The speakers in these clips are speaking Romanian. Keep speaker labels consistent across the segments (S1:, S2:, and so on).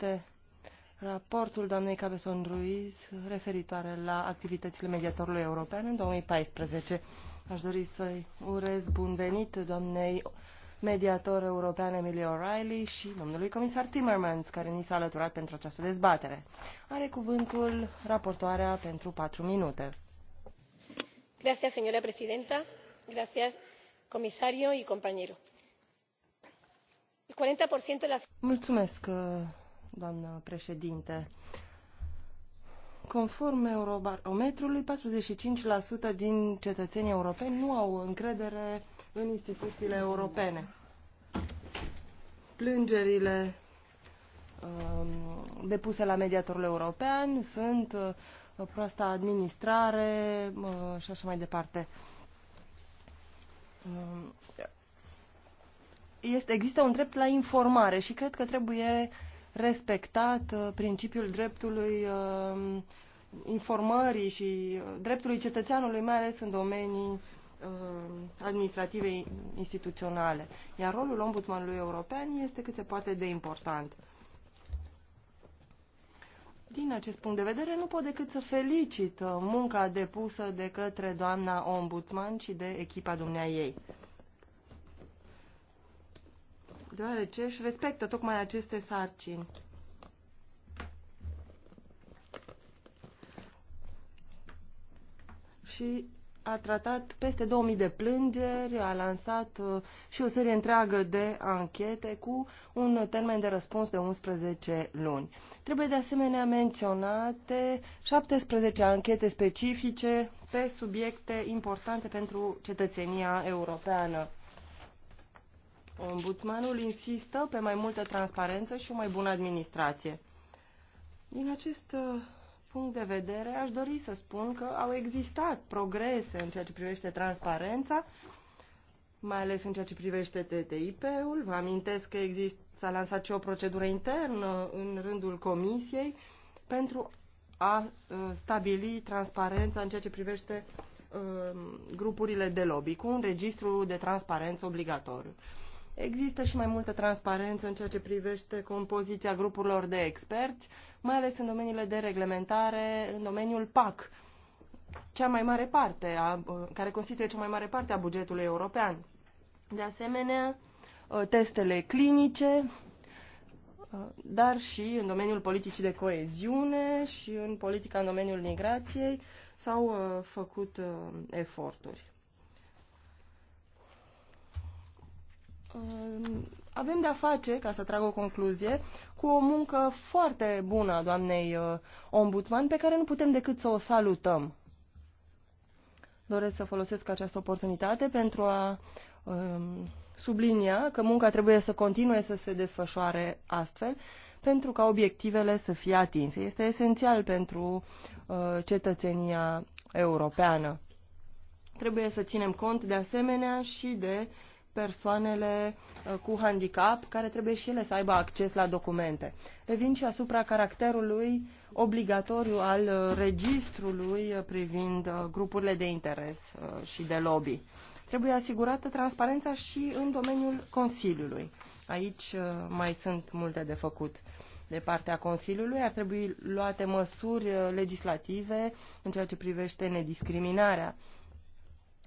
S1: este raportul doamnei Cabezon Ruiz referitoare la activitățile mediatorului european în 2014. Aș dori să-i urez bun venit doamnei mediator european Emily O'Reilly și domnului comisar Timmermans, care ni s-a alăturat pentru această dezbatere. Are
S2: cuvântul
S1: raportoarea pentru patru minute.
S2: Gracias, señora presidenta. Gracias, comisario y compañero. 40% de las...
S1: Mulțumesc, doamnă președinte. Conform Eurobarometrului, 45% din cetățenii europeni nu au încredere în instituțiile europene. Plângerile um, depuse la mediatorul european sunt uh, proasta administrare uh, și așa mai departe. Um, este, există un drept la informare și cred că trebuie uh, respectat uh, principiul dreptului uh, informării și uh, dreptului cetățeanului, mai ales în domenii administrative instituționale. Iar rolul ombudsmanului european este cât se poate de important. Din acest punct de vedere, nu pot decât să felicit munca depusă de către doamna ombudsman și de echipa dumnea ei deoarece își respectă tocmai aceste sarcini. Și a tratat peste 2000 de plângeri, a lansat uh, și o serie întreagă de anchete cu un termen de răspuns de 11 luni. Trebuie de asemenea menționate 17 anchete specifice pe subiecte importante pentru cetățenia europeană. Ombudsmanul insistă pe mai multă transparență și o mai bună administrație. Din acest uh, punct de vedere, aș dori să spun că au existat progrese în ceea ce privește transparența, mai ales în ceea ce privește TTIP-ul. Vă amintesc că s-a lansat și o procedură internă în rândul Comisiei pentru a uh, stabili transparența în ceea ce privește uh, grupurile de lobby cu un registru de transparență obligatoriu. Există și mai multă transparență în ceea ce privește compoziția grupurilor de experți, mai ales în domeniile de reglementare, în domeniul PAC, cea mai mare parte, a, uh, care constituie cea mai mare parte a bugetului european. De asemenea, uh, testele clinice, uh, dar și în domeniul politicii de coeziune și în politica în domeniul migrației s-au făcut eforturi. avem de-a face, ca să trag o concluzie, cu o muncă foarte bună a doamnei uh, ombudsman, pe care nu putem decât să o salutăm. Doresc să folosesc această oportunitate pentru a um, sublinia că munca trebuie să continue să se desfășoare astfel, pentru ca obiectivele să fie atinse. Este esențial pentru uh, cetățenia europeană. Trebuie să ținem cont de asemenea și de uh, persoanele uh, cu handicap, care trebuie și ele să aibă acces la documente. Revin și asupra caracterului obligatoriu al uh, registrului uh, privind grupurile de interes și de lobby. Trebuie asigurată transparența și în domeniul Consiliului. Aici mai sunt multe de făcut de partea Consiliului, ar trebui luate măsuri legislative în ceea ce privește nediscriminarea.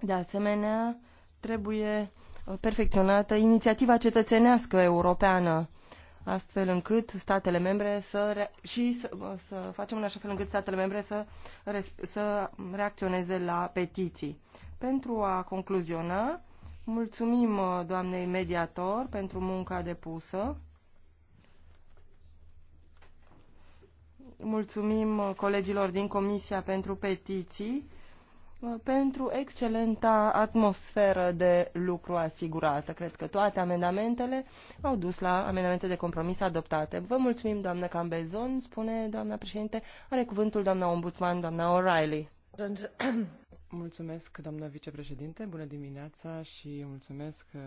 S1: De asemenea, trebuie perfecționată inițiativa cetățenească europeană, astfel încât statele membre să și să, să facem în așa fel încât statele membre să, să reacționeze la petiții. Pentru a concluziona, mulțumim uh, doamnei mediator pentru munca depusă. Mulțumim uh, colegilor din Comisia pentru Petiții pentru excelenta atmosferă de lucru asigurată. Cred că toate amendamentele au dus la amendamente de compromis adoptate. Vă mulțumim, doamnă Cambezon, spune doamna președinte. Are cuvântul doamna ombudsman, doamna O'Reilly.
S3: Mulțumesc, doamna vicepreședinte, bună dimineața și mulțumesc uh,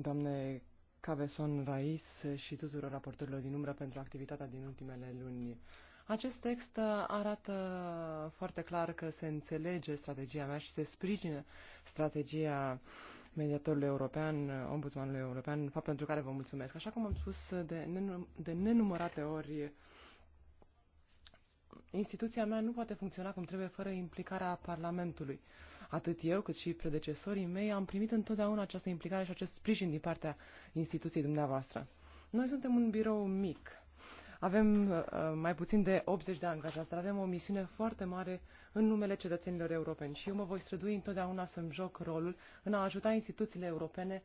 S3: doamne Cabezon Rais și tuturor raportorilor din umbră pentru activitatea din ultimele luni. Acest text arată foarte clar că se înțelege strategia mea și se sprijină strategia mediatorului european, ombudsmanului european, fapt pentru care vă mulțumesc. Așa cum am spus de, nenum- de nenumărate ori, instituția mea nu poate funcționa cum trebuie fără implicarea Parlamentului. Atât eu cât și predecesorii mei am primit întotdeauna această implicare și acest sprijin din partea instituției dumneavoastră. Noi suntem un birou mic, avem uh, mai puțin de 80 de angajați, dar avem o misiune foarte mare în numele cetățenilor europeni și eu mă voi strădui întotdeauna să-mi joc rolul în a ajuta instituțiile europene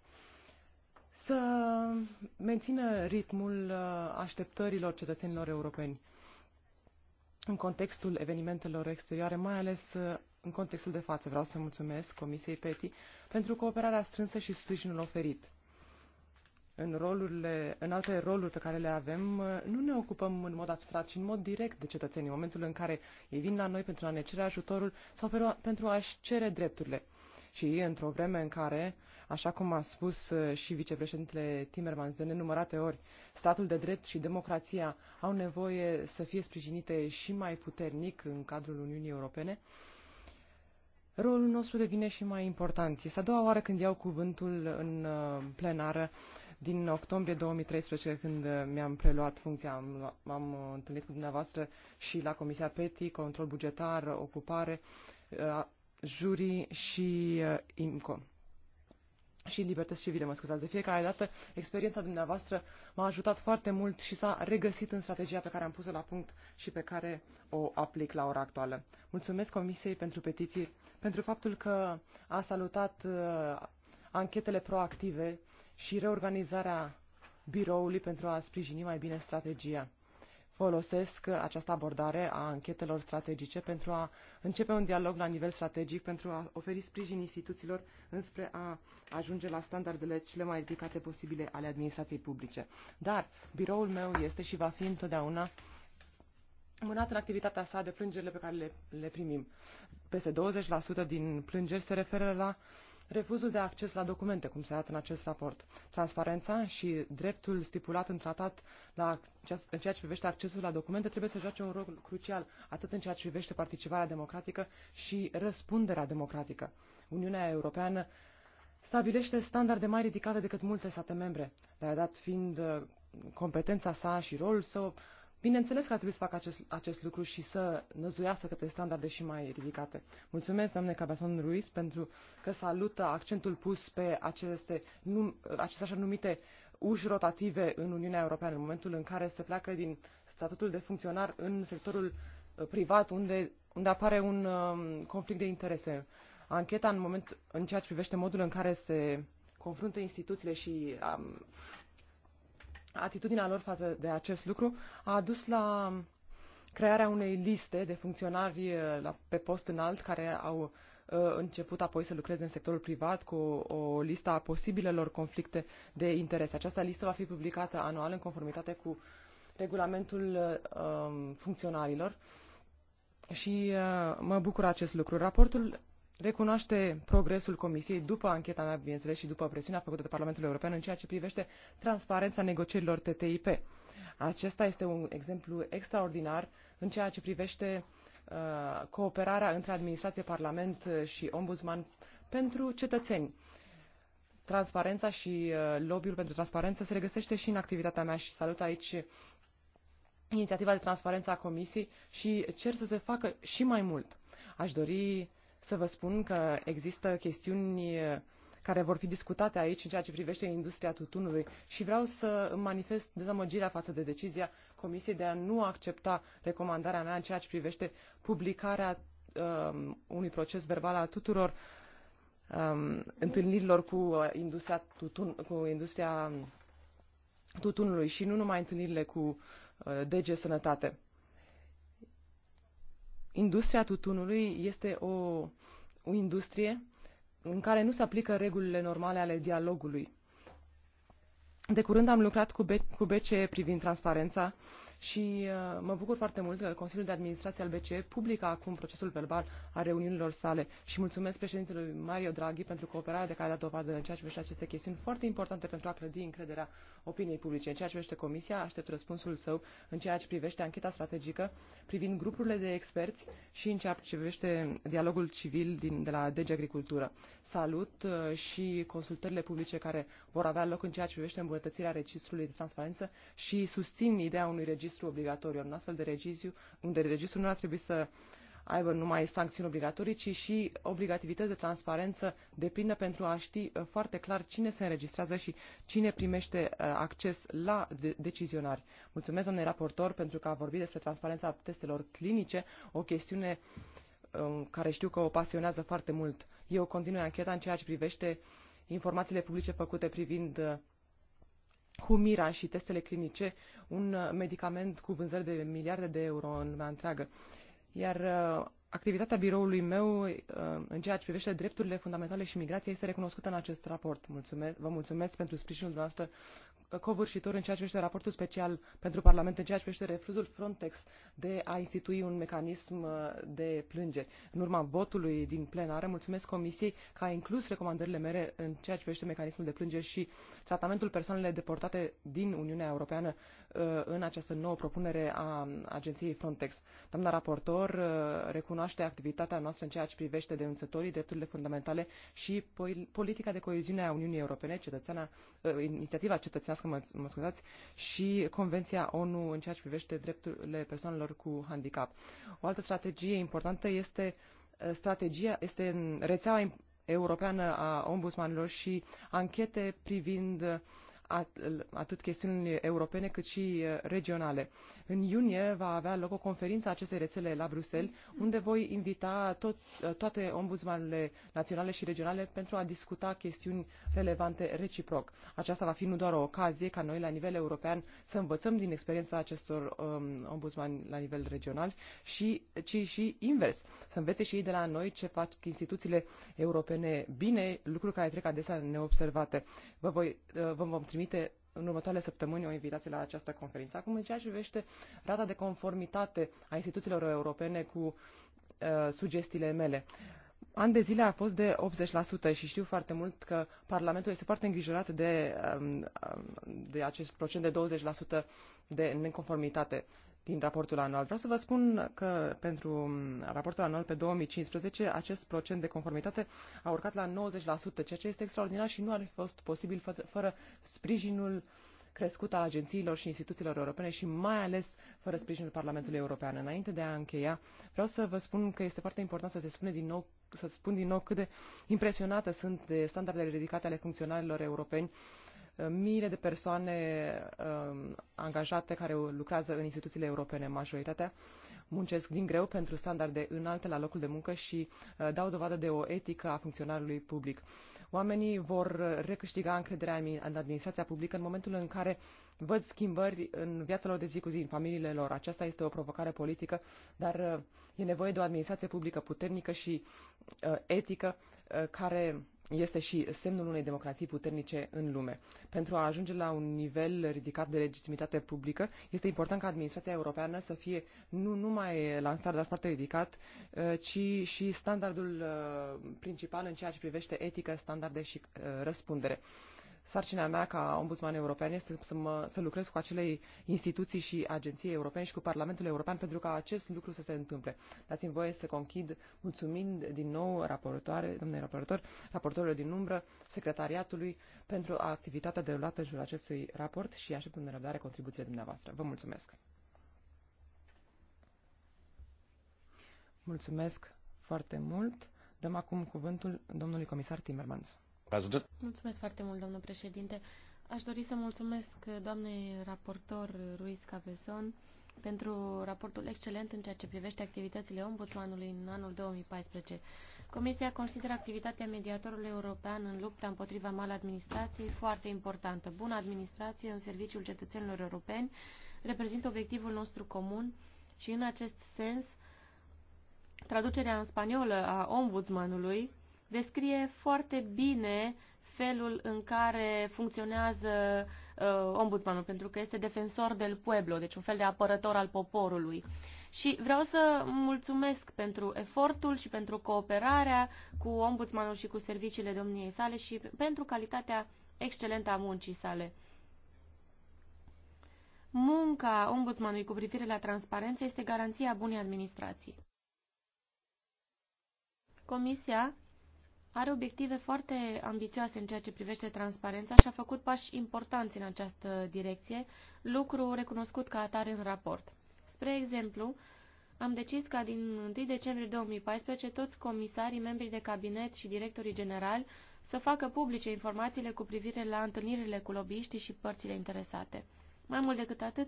S3: să mențină ritmul uh, așteptărilor cetățenilor europeni în contextul evenimentelor exterioare, mai ales uh, în contextul de față. Vreau să mulțumesc Comisiei PETI pentru cooperarea strânsă și sprijinul oferit în, rolurile, în alte roluri pe care le avem, nu ne ocupăm în mod abstract, ci în mod direct de cetățenii, în momentul în care ei vin la noi pentru a ne cere ajutorul sau pentru a-și cere drepturile. Și într-o vreme în care, așa cum a spus uh, și vicepreședintele Timmermans de nenumărate ori, statul de drept și democrația au nevoie să fie sprijinite și mai puternic în cadrul Uniunii Europene, rolul nostru devine și mai important. Este a doua oară când iau cuvântul în uh, plenară din octombrie 2013, când uh, mi-am preluat funcția, m-am uh, întâlnit cu dumneavoastră și la Comisia PETI, Control Bugetar, Ocupare, uh, Juri și IMCO și libertăți civile, mă scuzați. De fiecare dată, experiența dumneavoastră m-a ajutat foarte mult și s-a regăsit în strategia pe care am pus-o la punct și pe care o aplic la ora actuală. Mulțumesc Comisiei pentru petiții, pentru faptul că a salutat uh, anchetele proactive și reorganizarea biroului pentru a sprijini mai bine strategia. Folosesc această abordare a anchetelor strategice pentru a începe un dialog la nivel strategic, pentru a oferi sprijin instituțiilor înspre a ajunge la standardele cele mai ridicate posibile ale administrației publice. Dar biroul meu este și va fi întotdeauna mânat în activitatea sa de plângerile pe care le, le primim. Peste 20% din plângeri se referă la uh, refuzul de acces la documente, cum se arată în acest raport, transparența și dreptul stipulat în tratat la, în ceea ce privește accesul la documente trebuie să joace un rol crucial, atât în ceea ce privește participarea democratică și răspunderea democratică. Uniunea Europeană stabilește standarde mai ridicate decât multe state membre, dar dat fiind uh, competența sa și rolul său, Bineînțeles că ar trebui să facă acest, acest lucru și să năzuiască către standarde și mai ridicate. Mulțumesc, doamne Cabason Ruiz, pentru că salută accentul pus pe aceste, num, aceste așa numite uși rotative în Uniunea Europeană, în momentul în care se pleacă din statutul de funcționar în sectorul uh, privat, unde, unde apare un um, conflict de interese. Ancheta în, moment, în ceea ce privește modul în care se confruntă instituțiile și um, atitudinea lor față de acest lucru a dus la crearea unei liste de funcționari eh, la, pe post înalt care au uh, început apoi să lucreze în sectorul privat cu o, o listă a posibilelor conflicte de interese. Această listă va fi publicată anual în conformitate cu regulamentul uh, funcționarilor și uh, mă bucur acest lucru. Raportul recunoaște progresul Comisiei după ancheta mea, bineînțeles, și după presiunea făcută de Parlamentul European în ceea ce privește transparența negocierilor TTIP. Acesta este un exemplu extraordinar în ceea ce privește uh, cooperarea între administrație, Parlament uh, și Ombudsman pentru cetățeni. Transparența și uh, lobby-ul pentru transparență se regăsește și în activitatea mea și salut aici inițiativa de transparență a Comisiei și cer să se facă și mai mult. Aș dori să vă spun că există chestiuni uh, care vor fi discutate aici în ceea ce privește industria tutunului și vreau să manifest dezamăgirea față de decizia Comisiei de a nu accepta recomandarea mea în ceea ce privește publicarea um, unui proces verbal al tuturor um, întâlnirilor cu uh, industria, tutun, cu industria tutunului și nu numai întâlnirile cu uh, DG Sănătate industria tutunului este o, o industrie în care nu se aplică regulile normale ale dialogului. De curând am lucrat cu, BCE privind transparența uh, și uh, mă bucur foarte mult că Consiliul de Administrație al BCE publică acum procesul verbal a reuniunilor sale și mulțumesc președintelui Mario Draghi pentru cooperarea de care a dat dovadă în ceea ce privește aceste chestiuni foarte importante pentru a clădi încrederea opiniei publice. În ceea ce privește Comisia, aștept răspunsul său în ceea ce privește ancheta strategică privind grupurile de experți și în ceea ce privește dialogul civil din, de la DG Agricultură. Salut uh, și consultările publice care vor avea loc în ceea ce privește îmbunătățirea registrului de transparență și susțin ideea unui registru registru obligatoriu. Un astfel de registru, unde registrul nu ar trebui să aibă numai sancțiuni obligatorii, ci și obligativități de transparență de plină pentru a ști uh, foarte clar cine se înregistrează și cine primește uh, acces la de- decizionari. Mulțumesc, domnule raportor, pentru că a vorbit despre transparența testelor clinice, o chestiune um, care știu că o pasionează foarte mult. Eu continui ancheta în ceea ce privește informațiile publice făcute privind uh, Humira și testele clinice, un medicament cu vânzări de miliarde de euro în lumea întreagă. Iar uh, activitatea biroului meu uh, în ceea ce privește drepturile fundamentale și migrația este recunoscută în acest raport. Mulțumesc, vă mulțumesc pentru sprijinul dumneavoastră covârșitor în ceea ce privește raportul special pentru Parlament, în ceea ce privește refuzul Frontex de a institui un mecanism uh, de plângeri. În urma votului din plenară, mulțumesc Comisiei că a inclus recomandările mele în ceea ce privește mecanismul de plângeri și tratamentul persoanelor deportate din Uniunea Europeană uh, în această nouă propunere a agenției Frontex. Doamna raportor recunoaște recunoaște activitatea noastră în ceea ce privește denunțătorii, drepturile fundamentale și politica de coeziune a Uniunii Europene, cetățeana, uh, inițiativa cetățenească, mă, mă scuzați, și Convenția ONU în ceea ce privește drepturile persoanelor cu handicap. O altă strategie importantă este uh, strategia, este rețeaua europeană a ombudsmanilor și anchete privind uh, atât chestiuni europene cât și uh, regionale. În iunie va avea loc o conferință a acestei rețele la Bruxelles, unde voi invita tot, uh, toate ombudsmanurile naționale și regionale pentru a discuta chestiuni relevante reciproc. Aceasta va fi nu doar o ocazie ca noi la nivel european să învățăm din experiența acestor um, ombudsmani la nivel regional, și, ci și invers, să învețe și ei de la noi ce fac instituțiile europene bine, lucruri care trec adesea neobservate. Vă voi, uh, vă vom trimite în următoarele săptămâni o invitație la această conferință. Acum, în ceea ce privește rata de conformitate a instituțiilor europene cu uh, sugestiile mele. An de zile a fost de 80% și știu foarte mult că Parlamentul este foarte îngrijorat de, um, um, de acest procent de 20% de neconformitate din raportul anual. Vreau să vă spun că pentru raportul anual pe 2015 acest procent de conformitate a urcat la 90%, ceea ce este extraordinar și nu ar fi fost posibil fără sprijinul crescut al agențiilor și instituțiilor europene și mai ales fără sprijinul Parlamentului European. Înainte de a încheia, vreau să vă spun că este foarte important să se spune din nou să spun din nou cât de impresionată sunt de standardele ridicate ale funcționarilor europeni miile de persoane um, angajate care lucrează în instituțiile europene. Majoritatea muncesc din greu pentru standarde înalte la locul de muncă și uh, dau dovadă de o etică a funcționarului public. Oamenii vor recâștiga încrederea în administrația publică în momentul în care văd schimbări în viața lor de zi cu zi, în familiile lor. Aceasta este o provocare politică, dar uh, e nevoie de o administrație publică puternică și uh, etică care este și semnul unei democrații puternice în lume. Pentru a ajunge la un nivel ridicat de legitimitate publică, este important ca administrația europeană să fie nu numai la un standard foarte ridicat, uh, ci și standardul uh, principal în ceea ce privește etică, standarde și uh, răspundere sarcina mea ca ombudsman european este să, mă, să lucrez cu acele instituții și agenții europene și cu Parlamentul European pentru ca acest lucru să se întâmple. Dați-mi voie să conchid mulțumind din nou raportoare, domnule raportor, raportorilor din umbră, secretariatului pentru activitatea derulată în jurul acestui raport și aștept în răbdare contribuțiile dumneavoastră. Vă mulțumesc! Mulțumesc foarte mult! Dăm acum cuvântul domnului comisar Timmermans.
S2: Mulțumesc foarte mult, domnul președinte. Aș dori să mulțumesc doamnei raportor Ruiz Cabezon pentru raportul excelent în ceea ce privește activitățile ombudsmanului în anul 2014. Comisia consideră activitatea mediatorului european în lupta împotriva maladministrației foarte importantă. Bună administrație în serviciul cetățenilor europeni reprezintă obiectivul nostru comun și în acest sens traducerea în spaniolă a ombudsmanului descrie foarte bine felul în care funcționează uh, ombudsmanul, pentru că este defensor del pueblo, deci un fel de apărător al poporului. Și vreau să mulțumesc pentru efortul și pentru cooperarea cu ombudsmanul și cu serviciile domniei sale și pentru calitatea excelentă a muncii sale. Munca ombudsmanului cu privire la transparență este garanția bunei administrații. Comisia are obiective foarte ambițioase în ceea ce privește transparența și a făcut pași importanți în această direcție, lucru recunoscut ca atare în raport. Spre exemplu, am decis ca din 1 decembrie 2014 toți comisarii, membrii de cabinet și directorii generali să facă publice informațiile cu privire la întâlnirile cu lobbyiștii și părțile interesate. Mai mult decât atât,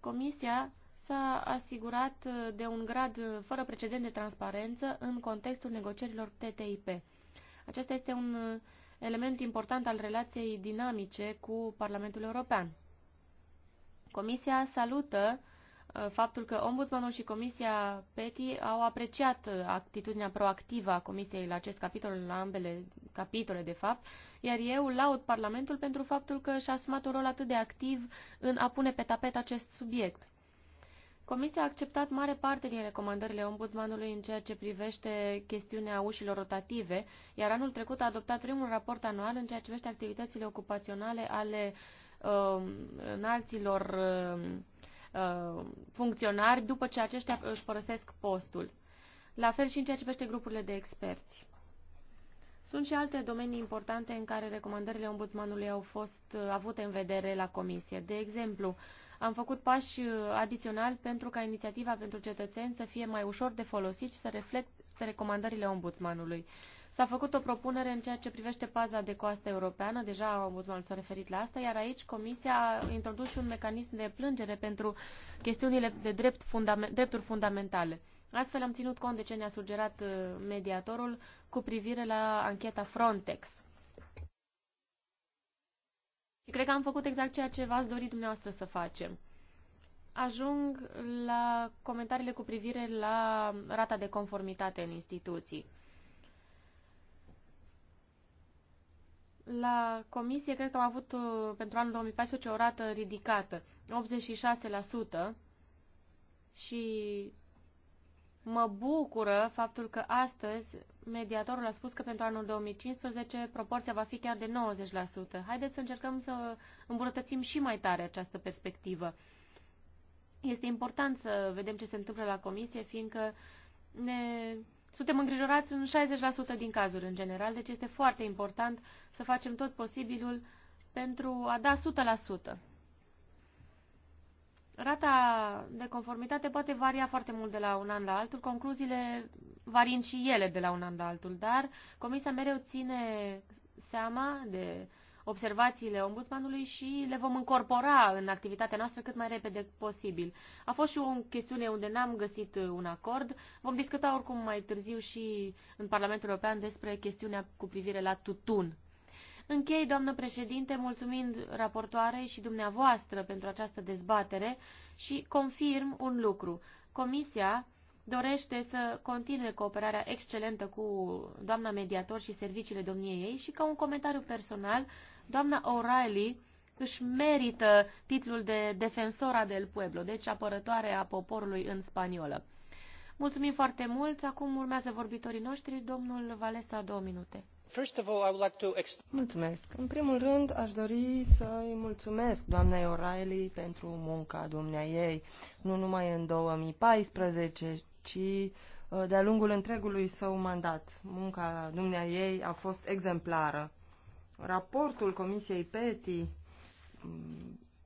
S2: Comisia s-a asigurat de un grad fără precedent de transparență în contextul negocierilor TTIP. Acesta este un uh, element important al relației dinamice cu Parlamentul European. Comisia salută uh, faptul că Ombudsmanul și Comisia PETI au apreciat uh, actitudinea proactivă a Comisiei la acest capitol, la ambele capitole, de fapt, iar eu laud Parlamentul pentru faptul că și-a asumat un rol atât de activ în a pune pe tapet acest subiect. Comisia a acceptat mare parte din recomandările ombudsmanului în ceea ce privește chestiunea ușilor rotative, iar anul trecut a adoptat primul raport anual în ceea ce privește activitățile ocupaționale ale uh, înalților um, uh, funcționari după ce aceștia își părăsesc postul. La fel și în ceea ce privește grupurile de experți. Sunt și alte domenii importante în care recomandările ombudsmanului au fost uh, avute în vedere la comisie. De exemplu, uh, am făcut pași uh, adiționali pentru ca inițiativa pentru cetățeni să fie mai ușor de folosit și să reflecte recomandările ombudsmanului. S-a făcut o propunere în ceea ce privește paza de coastă europeană, deja ombudsmanul s-a referit la asta, iar aici Comisia a introdus și un mecanism de plângere pentru chestiunile de drept fundament, drepturi fundamentale. Astfel am ținut cont de ce ne-a sugerat uh, mediatorul cu privire la ancheta Frontex. Și cred că am făcut exact ceea ce v-ați dorit dumneavoastră să facem. Ajung la comentariile cu privire la rata de conformitate în instituții. La comisie cred că am avut uh, pentru anul 2014 o rată ridicată, 86% și mă bucură faptul că astăzi mediatorul a spus că pentru anul 2015 proporția va fi chiar de 90%. Haideți să încercăm să îmbunătățim și mai tare această perspectivă. Este important să vedem ce se întâmplă la comisie, fiindcă ne... suntem îngrijorați în 60% din cazuri în general, deci este foarte important să facem tot posibilul pentru a da 100%. Rata de conformitate poate varia foarte mult de la un an la altul. Concluziile varind și ele de la un an la altul, dar Comisia mereu ține seama de observațiile ombudsmanului și le vom incorpora în activitatea noastră cât mai repede posibil. A fost și o chestiune unde n-am găsit un acord. Vom discuta oricum mai târziu și în Parlamentul European despre chestiunea cu privire la tutun. Închei, doamnă președinte, mulțumind raportoarei și dumneavoastră pentru această dezbatere și confirm un lucru. Comisia dorește să continue cooperarea excelentă cu doamna mediator și serviciile domniei ei și ca un comentariu personal, doamna O'Reilly își merită titlul de defensora del pueblo, deci apărătoare a poporului în spaniolă. Mulțumim foarte mult. Acum urmează vorbitorii noștri. Domnul Valesa, două minute.
S1: Mulțumesc. În primul rând, aș dori să-i mulțumesc doamnei O'Reilly pentru munca ei. nu numai în 2014, ci uh, de-a lungul întregului său mandat. Munca dumnea ei a fost exemplară. Raportul Comisiei PETI mm,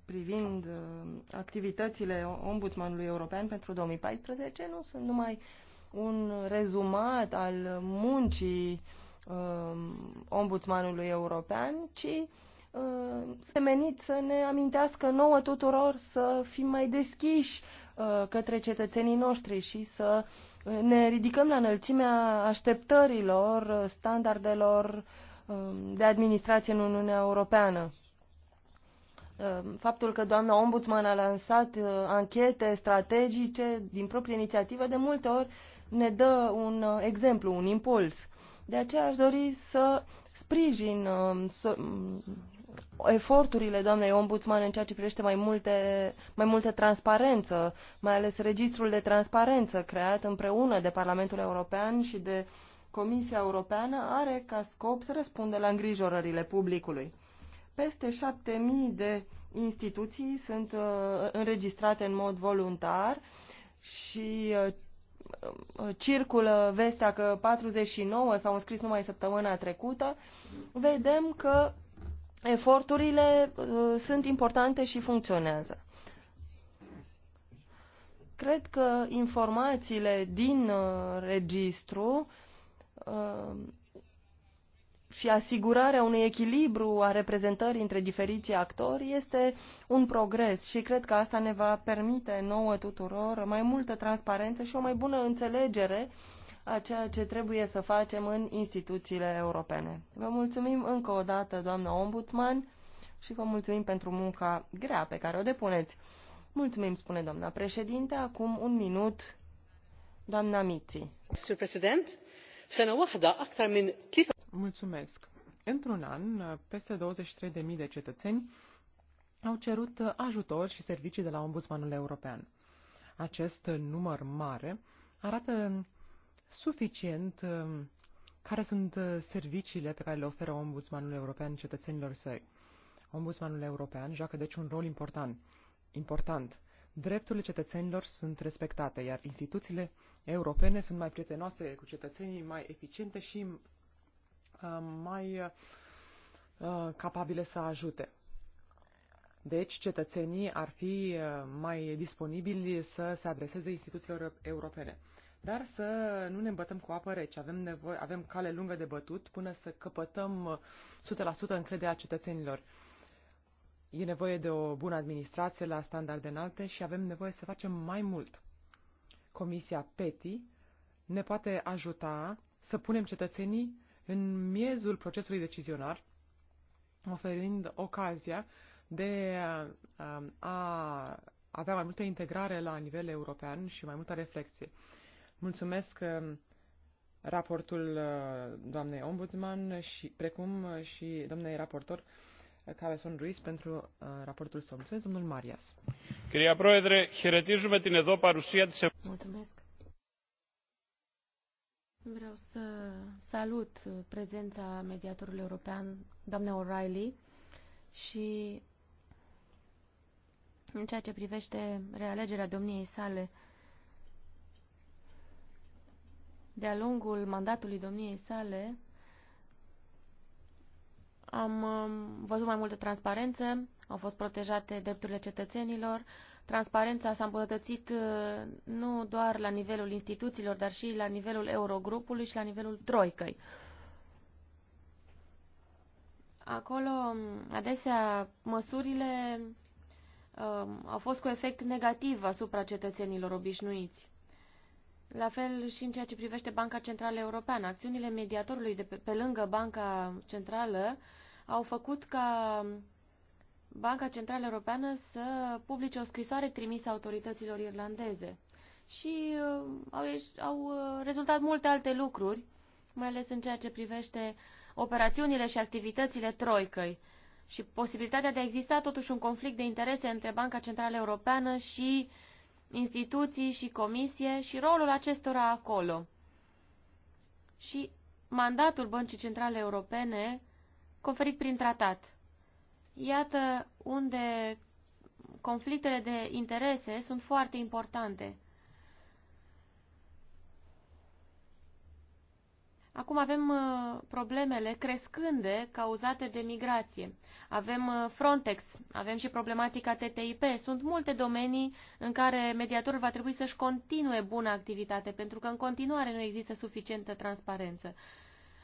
S1: privind uh, activitățile Ombudsmanului European pentru 2014 nu sunt numai un rezumat al muncii um, Ombudsmanului European, ci uh, semenit să ne amintească nouă tuturor să fim mai deschiși Uh, către cetățenii noștri și să uh, ne ridicăm la înălțimea așteptărilor, uh, standardelor um, de administrație în Uniunea Europeană. Faptul că doamna ombudsman a lansat anchete strategice din proprie inițiativă de multe ori ne dă un exemplu, un impuls. De aceea aș dori să sprijin eforturile doamnei ombudsman în ceea ce privește mai, multe, mai multă transparență, mai ales registrul de transparență creat împreună de Parlamentul European și de Comisia Europeană are ca scop să răspundă la îngrijorările publicului. Peste 7000 de instituții sunt uh, înregistrate în mod voluntar și uh, uh circulă vestea că 49 s-au înscris numai săptămâna trecută, vedem că eforturile uh, sunt importante și funcționează. Cred că informațiile din uh, registru uh, și asigurarea unui echilibru a reprezentării între diferiții actori este un progres și cred că asta ne va permite nouă tuturor mai multă transparență și o mai bună înțelegere uh, a ceea ce trebuie să facem în instituțiile europene. Vă mulțumim încă o dată, doamnă ombudsman, și vă mulțumim pentru munca grea pe care o depuneți. Mulțumim, spune doamna președinte. Acum un minut, doamna Miții.
S3: Mulțumesc. Într-un an, peste 23.000 de cetățeni au cerut ajutor și servicii de la Ombudsmanul European. Acest număr mare arată suficient um, care sunt uh, serviciile pe care le oferă Ombudsmanul European cetățenilor săi. Ombudsmanul European joacă deci un rol important. important. Drepturile cetățenilor sunt respectate, iar instituțiile europene sunt mai prietenoase cu cetățenii, mai eficiente și uh, mai uh, capabile să ajute. Deci, cetățenii ar fi uh, mai disponibili să se adreseze instituțiilor europene dar să nu ne îmbătăm cu apă rece. Avem, nevoie, avem cale lungă de bătut până să căpătăm uh, 100% încrederea cetățenilor. E nevoie de o bună administrație la standarde înalte și avem nevoie să facem mai mult. Comisia PETI ne poate ajuta să punem cetățenii în miezul procesului decizionar, oferind ocazia de uh, a avea mai multă integrare la nivel european și mai multă reflexie. Mulțumesc uh, raportul uh, doamnei ombudsman, și, precum uh, și doamnei raportor care sunt Ruiz pentru raportul său. Mulțumesc, domnul Marias. proedre, heretizume din edo parusia de se... Mulțumesc.
S2: Vreau să salut prezența mediatorului european, doamna O'Reilly, și în ceea ce privește realegerea domniei sale, de-a lungul mandatului domniei sale am um, văzut mai multă transparență, au fost protejate drepturile cetățenilor, transparența s-a îmbunătățit uh, nu doar la nivelul instituțiilor, dar și la nivelul Eurogrupului și la nivelul Troicăi. Acolo, um, adesea, măsurile um, au fost cu efect negativ asupra cetățenilor obișnuiți. La fel și în ceea ce privește Banca Centrală Europeană. Acțiunile mediatorului de pe, pe lângă Banca Centrală au făcut ca Banca Centrală Europeană să publice o scrisoare trimisă autorităților irlandeze. Și uh, au, ieș, au uh, rezultat multe alte lucruri, mai ales în ceea ce privește operațiunile și activitățile troicăi și posibilitatea de a exista totuși un conflict de interese între Banca Centrală Europeană și uh, instituții și comisie și rolul acestora acolo. Și mandatul Băncii Centrale Europene conferit prin tratat. Iată unde conflictele de interese sunt foarte importante. Acum avem uh, problemele crescânde cauzate de migrație. Avem uh, Frontex, avem și problematica TTIP. Sunt multe domenii în care mediatorul va trebui să-și continue bună activitate, pentru că în continuare nu există suficientă transparență.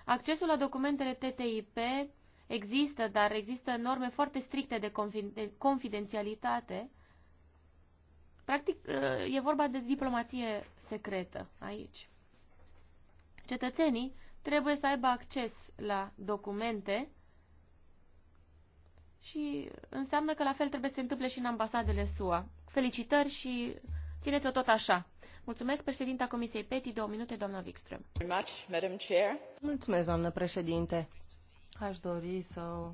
S2: Accesul la documentele TTIP există, dar există norme foarte stricte de confidențialitate. Practic, uh, e vorba de diplomație secretă aici. Cetățenii trebuie să aibă acces la documente și înseamnă că la fel trebuie să se întâmple și în ambasadele SUA. Felicitări și țineți-o tot așa. Mulțumesc, președinta Comisiei PETI, două minute, doamna Wikström.
S1: Mulțumesc, doamnă președinte. Aș dori să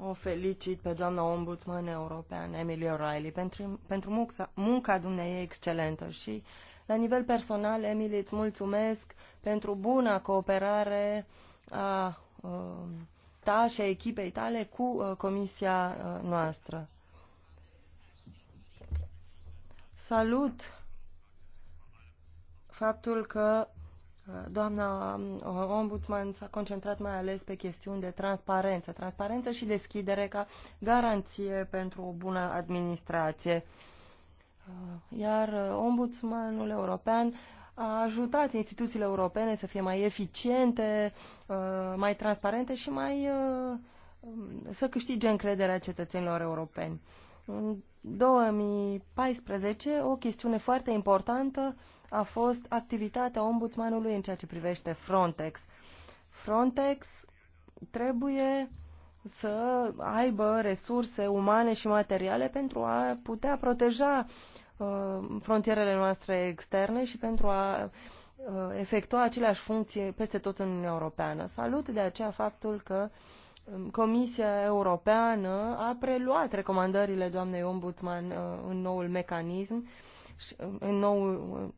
S1: o felicit pe doamna ombudsman european, Emily O'Reilly, pentru, pentru munca, munca dumneavoastră excelentă și la nivel personal, Emily, îți mulțumesc pentru buna cooperare a um, ta și a echipei tale cu uh, comisia uh, noastră. Salut faptul că uh, doamna um, ombudsman s-a concentrat mai ales pe chestiuni de transparență, transparență și deschidere ca garanție pentru o bună administrație. Uh, iar uh, ombudsmanul european a ajutat instituțiile europene să fie mai eficiente, uh, mai transparente și mai um, să câștige încrederea cetățenilor europeni. În 2014, o chestiune foarte importantă a fost activitatea ombudsmanului în ceea ce privește Frontex. Frontex trebuie să aibă resurse umane și materiale pentru a putea proteja uh, frontierele noastre externe și pentru a uh, efectua aceleași funcții peste tot în Uniunea Europeană. Salut de aceea faptul că um, Comisia Europeană a preluat recomandările doamnei ombudsman uh, în noul mecanism, în noul,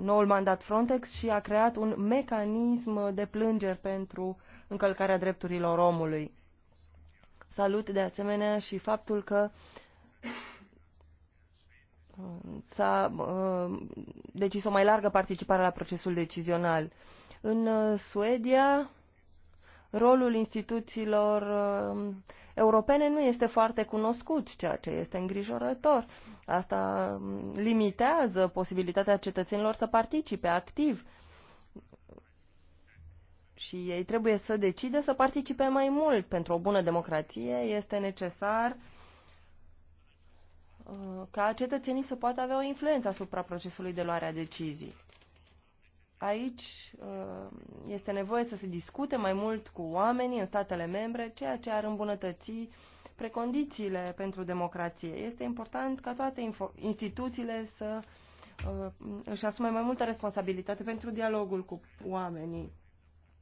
S1: noul mandat Frontex și a creat un mecanism de plângeri pentru încălcarea drepturilor omului. Salut de asemenea și faptul că uh, s-a uh, decis o mai largă participare la procesul decizional. În uh, Suedia, rolul instituțiilor uh, europene nu este foarte cunoscut, ceea ce este îngrijorător. Asta um, limitează posibilitatea cetățenilor să participe activ și ei trebuie să decidă să participe mai mult. Pentru o bună democrație este necesar uh, ca cetățenii să poată avea o influență asupra procesului de luare a decizii. Aici uh, este nevoie să se discute mai mult cu oamenii în statele membre, ceea ce ar îmbunătăți precondițiile pentru democrație. Este important ca toate instituțiile să uh, își asume mai multă responsabilitate pentru dialogul cu oamenii.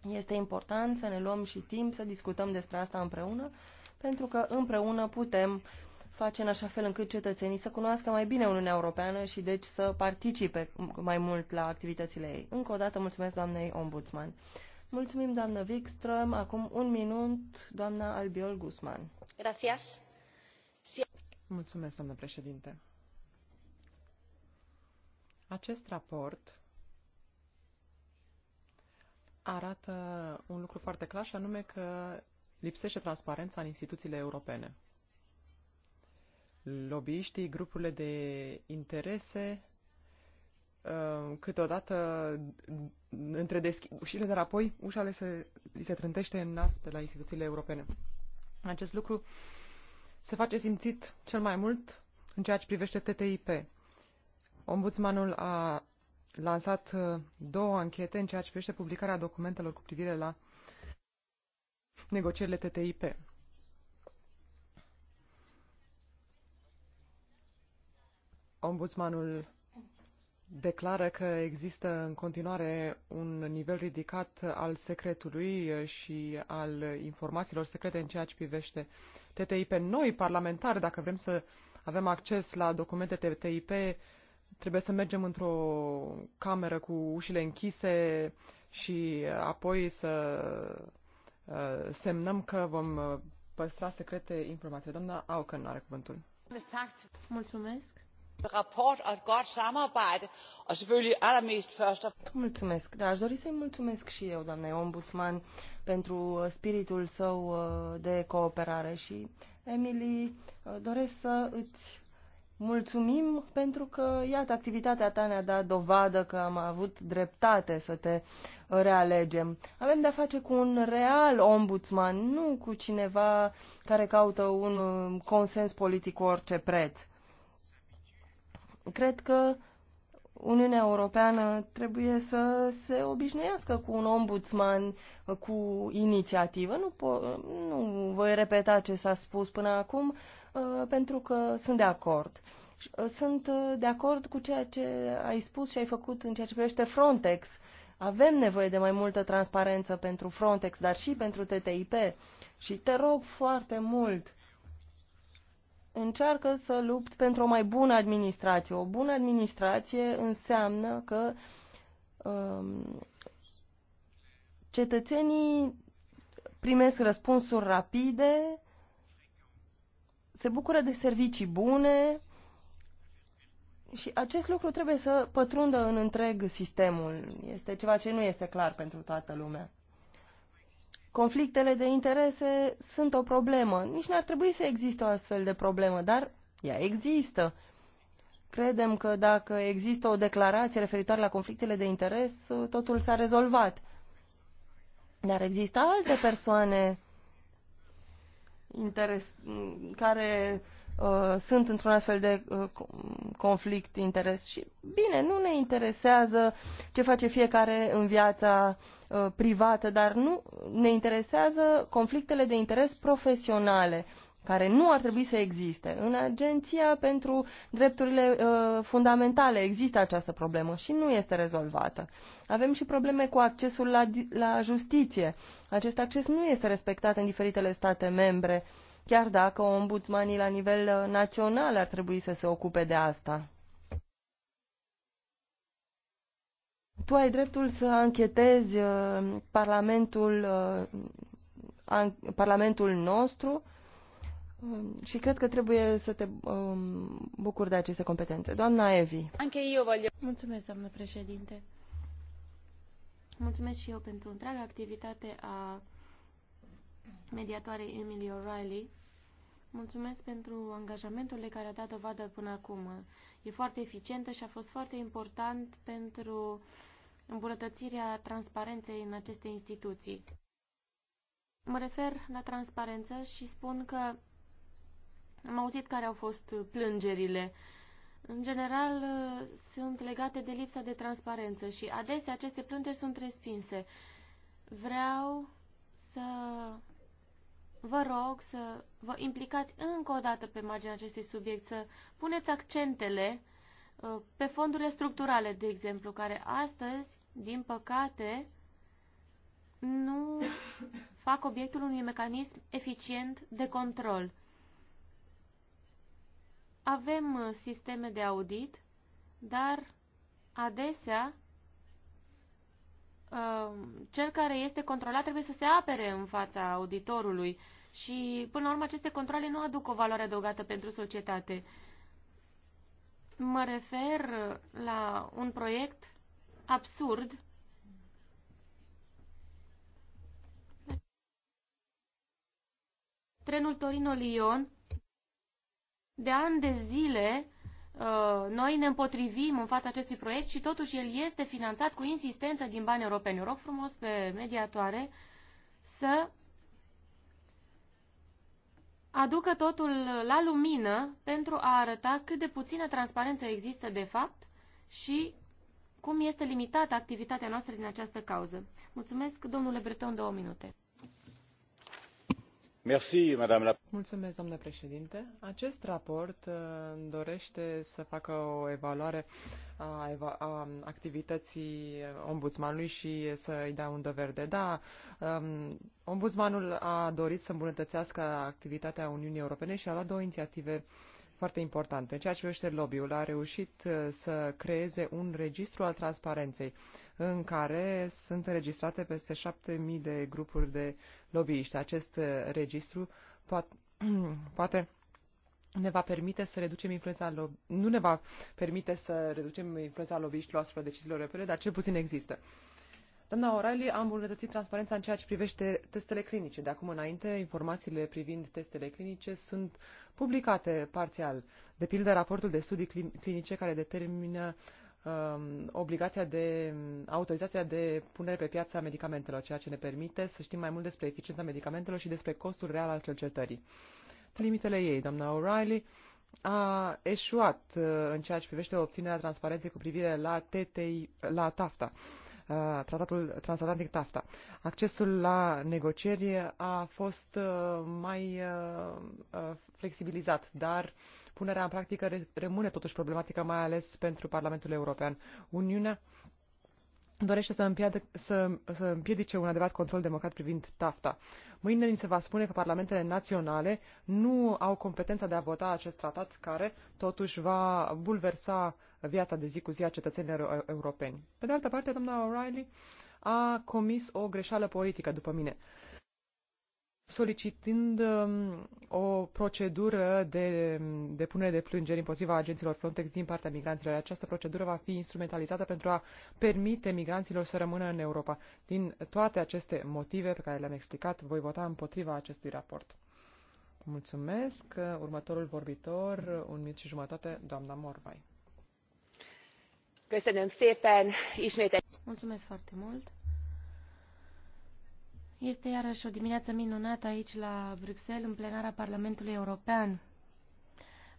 S1: Este important să ne luăm și timp să discutăm despre asta împreună, pentru că împreună putem face în așa fel încât cetățenii să cunoască mai bine Uniunea Europeană și deci să participe mai mult la activitățile ei. Încă o dată mulțumesc doamnei ombudsman. Mulțumim, doamnă Wikström. Acum un minut, doamna Albiol Guzman.
S2: Gracias.
S3: Mulțumesc, doamnă președinte. Acest raport arată un lucru foarte clar și anume că lipsește transparența în instituțiile europene. Lobbyiștii, grupurile de interese, uh, câteodată între deschi- ușile de apoi, ușa le se, li se trântește în nas de la instituțiile europene. Acest lucru se face simțit cel mai mult în ceea ce privește TTIP. Ombudsmanul a lansat uh, două anchete în ceea ce privește publicarea documentelor cu privire la negocierile TTIP. Ombudsmanul declară că există în continuare un nivel ridicat al secretului uh, și al informațiilor secrete în ceea ce privește TTIP. Noi, parlamentari, dacă vrem să avem acces la documente TTIP, trebuie să mergem într-o cameră cu ușile închise și apoi să uh, semnăm că vom uh, păstra secrete informații. Doamna nu are cuvântul.
S2: Mulțumesc. Raport
S3: al et godt aș og allermest
S1: Mulțumesc. Dar aș dori să-i mulțumesc și eu, doamnei ombudsman, pentru uh, spiritul său de cooperare și, Emily, doresc să îți mulțumim pentru că, iată, activitatea ta ne-a dat dovadă că am avut dreptate să te realegem. Avem de-a face cu un real ombudsman, nu cu cineva care caută un um, consens politic cu orice preț. Cred că Uniunea Europeană trebuie să se obișnuiască cu un ombudsman uh, cu inițiativă. Nu, po- nu voi repeta ce s-a spus până acum, Uh, pentru că sunt de acord. Uh, sunt uh, de acord cu ceea ce ai spus și ai făcut în ceea ce privește Frontex. Avem nevoie de mai multă transparență pentru Frontex, dar și pentru TTIP. Și te rog foarte mult, încearcă să lupt pentru o mai bună administrație. O bună administrație înseamnă că um, cetățenii primesc răspunsuri rapide, se bucură de servicii bune și acest lucru trebuie să pătrundă în întreg sistemul. Este ceva ce nu este clar pentru toată lumea. Conflictele de interese sunt o problemă. Nici n-ar trebui să existe o astfel de problemă, dar ea există. Credem că dacă există o declarație referitoare la conflictele de interes, totul s-a rezolvat. Dar există alte persoane interes, care uh, sunt într-un astfel de uh, conflict interes. Și bine, nu ne interesează ce face fiecare în viața uh, privată, dar nu ne interesează conflictele de interes profesionale care nu ar trebui să existe. În Agenția pentru Drepturile uh, Fundamentale există această problemă și nu este rezolvată. Avem și probleme cu accesul la, la justiție. Acest acces nu este respectat în diferitele state membre, chiar dacă ombudsmanii la nivel uh, național ar trebui să se ocupe de asta. Tu ai dreptul să anchetezi uh, parlamentul, uh, an, parlamentul nostru uh, Um, și cred că trebuie să te um, bucuri de aceste competențe. Doamna Evi.
S2: Anche eu voglio. Mulțumesc, doamnă președinte. Mulțumesc și eu pentru întreaga activitate a mediatoarei Emily O'Reilly. Mulțumesc pentru angajamentul de care a dat dovadă până acum. E foarte eficientă și a fost foarte important pentru îmbunătățirea transparenței în aceste instituții. Mă refer la transparență și spun că am auzit care au fost plângerile. În general, sunt legate de lipsa de transparență și adesea aceste plângeri sunt respinse. Vreau să vă rog să vă implicați încă o dată pe marginea acestui subiect, să puneți accentele uh, pe fondurile structurale, de exemplu, care astăzi, din păcate, nu fac obiectul unui mecanism eficient de control. Avem uh, sisteme de audit, dar adesea uh, cel care este controlat trebuie să se apere în fața auditorului și, până la urmă, aceste controle nu aduc o valoare adăugată pentru societate. Mă refer uh, la un proiect absurd trenul Torino-Lyon de ani de zile uh, noi ne împotrivim în fața acestui proiect și totuși el este finanțat cu insistență din bani europeni. Eu rog frumos pe mediatoare să aducă totul la lumină pentru a arăta cât de puțină transparență există de fapt și cum este limitată activitatea noastră din această cauză. Mulțumesc, domnule Breton, două minute.
S3: Mulțumesc, președinte. Acest raport uh, dorește să facă o evaluare a, activității ombudsmanului și să îi dea undă verde. Da, um, ombudsmanul a dorit să îmbunătățească activitatea Uniunii Europene și a luat două inițiative uh, foarte importante. În ceea ce privește lobby-ul, a reușit uh, să creeze un registru al transparenței în care sunt înregistrate peste 7.000 de grupuri de lobbyiști. Acest uh, registru poate, poate ne va permite să reducem influența nu ne va permite să reducem influența lobbyiștilor asupra deciziilor europene, dar cel puțin există. Doamna O'Reilly a îmbunătățit transparența în ceea ce privește testele clinice. De acum înainte, informațiile privind testele clinice sunt publicate parțial. De pildă, raportul de studii clinice care determină um, obligația de autorizația de punere pe piață a medicamentelor, ceea ce ne permite să știm mai mult despre eficiența medicamentelor și despre costul real al cercetării. Limitele ei, doamna O'Reilly, a eșuat uh, în ceea ce privește obținerea transparenței cu privire la, TTI, la TAFTA. Uh, Uh, tratatul transatlantic TAFTA. Accesul la negocieri a fost uh, mai uh, flexibilizat, dar punerea în practică rămâne totuși problematică, mai ales pentru Parlamentul European. Uniunea dorește să, împiedice, să, să împiedice un adevărat control democrat privind TAFTA. Mâine ni se va spune că parlamentele naționale nu au competența de a vota acest tratat care totuși va bulversa viața de zi cu zi a cetățenilor europeni. Pe de altă parte, doamna O'Reilly a comis o greșeală politică, după mine. Uh, solicitând um, o procedură de um, depunere de plângeri împotriva agenților Frontex din partea migranților. Această procedură va fi instrumentalizată pentru a permite migranților să rămână în Europa. Din toate aceste motive pe care le-am explicat, voi vota împotriva acestui raport. Mulțumesc. Următorul vorbitor, un minut și jumătate, doamna Morvai.
S2: Mulțumesc foarte mult. Este iarăși o dimineață minunată aici la Bruxelles, în plenara Parlamentului European.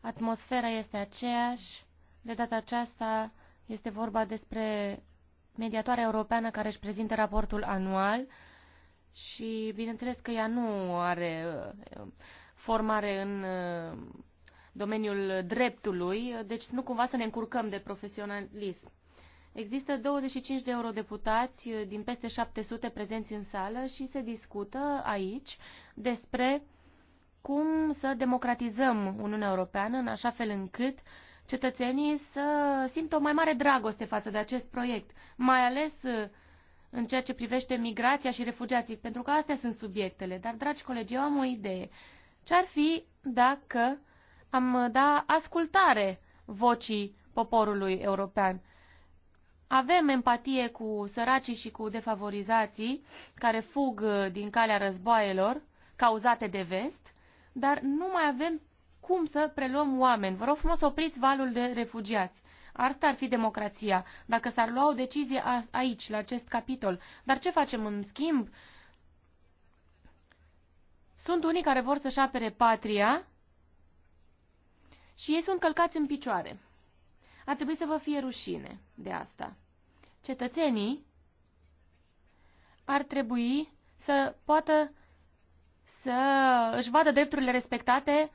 S2: Atmosfera este aceeași. De data aceasta este vorba despre mediatoarea europeană care își prezintă raportul anual și bineînțeles că ea nu are uh, formare în uh, domeniul dreptului, deci nu cumva să ne încurcăm de profesionalism. Există 25 de eurodeputați eh, din peste 700 prezenți în sală și se discută aici despre cum să democratizăm Uniunea Europeană în așa fel încât cetățenii să simtă o mai mare dragoste față de acest proiect, mai ales eh, în ceea ce privește migrația și refugiații, pentru că astea sunt subiectele. Dar, dragi colegi, eu am o idee. Ce-ar fi dacă am eh, da ascultare vocii poporului european? Avem empatie cu săracii și cu defavorizații care fug uh, din calea războaielor cauzate de vest, dar nu mai avem cum să preluăm oameni. Vă rog frumos, opriți valul de refugiați. Asta ar fi democrația, dacă s-ar lua o decizie aici, la acest capitol. Dar ce facem în schimb? Sunt unii care vor să-și apere patria și ei sunt călcați în picioare. Ar trebui să vă fie rușine de asta. Cetățenii ar trebui să poată să își vadă drepturile respectate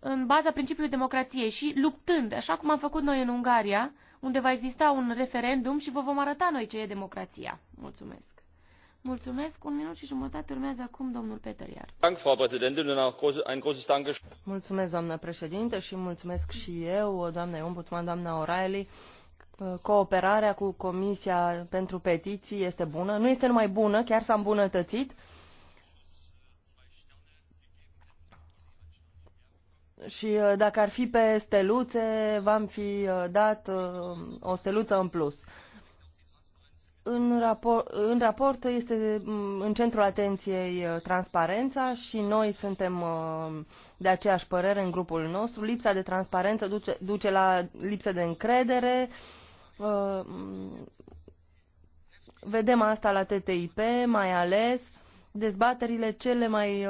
S2: în baza principiului democrației și luptând, așa cum am făcut noi în Ungaria, unde va exista un referendum și vă vom arăta noi ce e democrația. Mulțumesc! Mulțumesc. Un minut și jumătate urmează acum domnul Peter Iar.
S1: Mulțumesc, doamnă președinte, și mulțumesc și eu, doamna ombudsman, doamna O'Reilly. Cooperarea cu Comisia pentru Petiții este bună. Nu este numai bună, chiar s-a îmbunătățit. Și uh, dacă ar fi pe steluțe, v-am fi uh, dat uh, o steluță în plus. În raport, în raport este mm, în centrul atenției uh, transparența și noi suntem uh, de aceeași părere în grupul nostru. Lipsa de transparență duce, duce la lipsă de încredere. Uh, vedem asta la TTIP, mai ales dezbaterile cele mai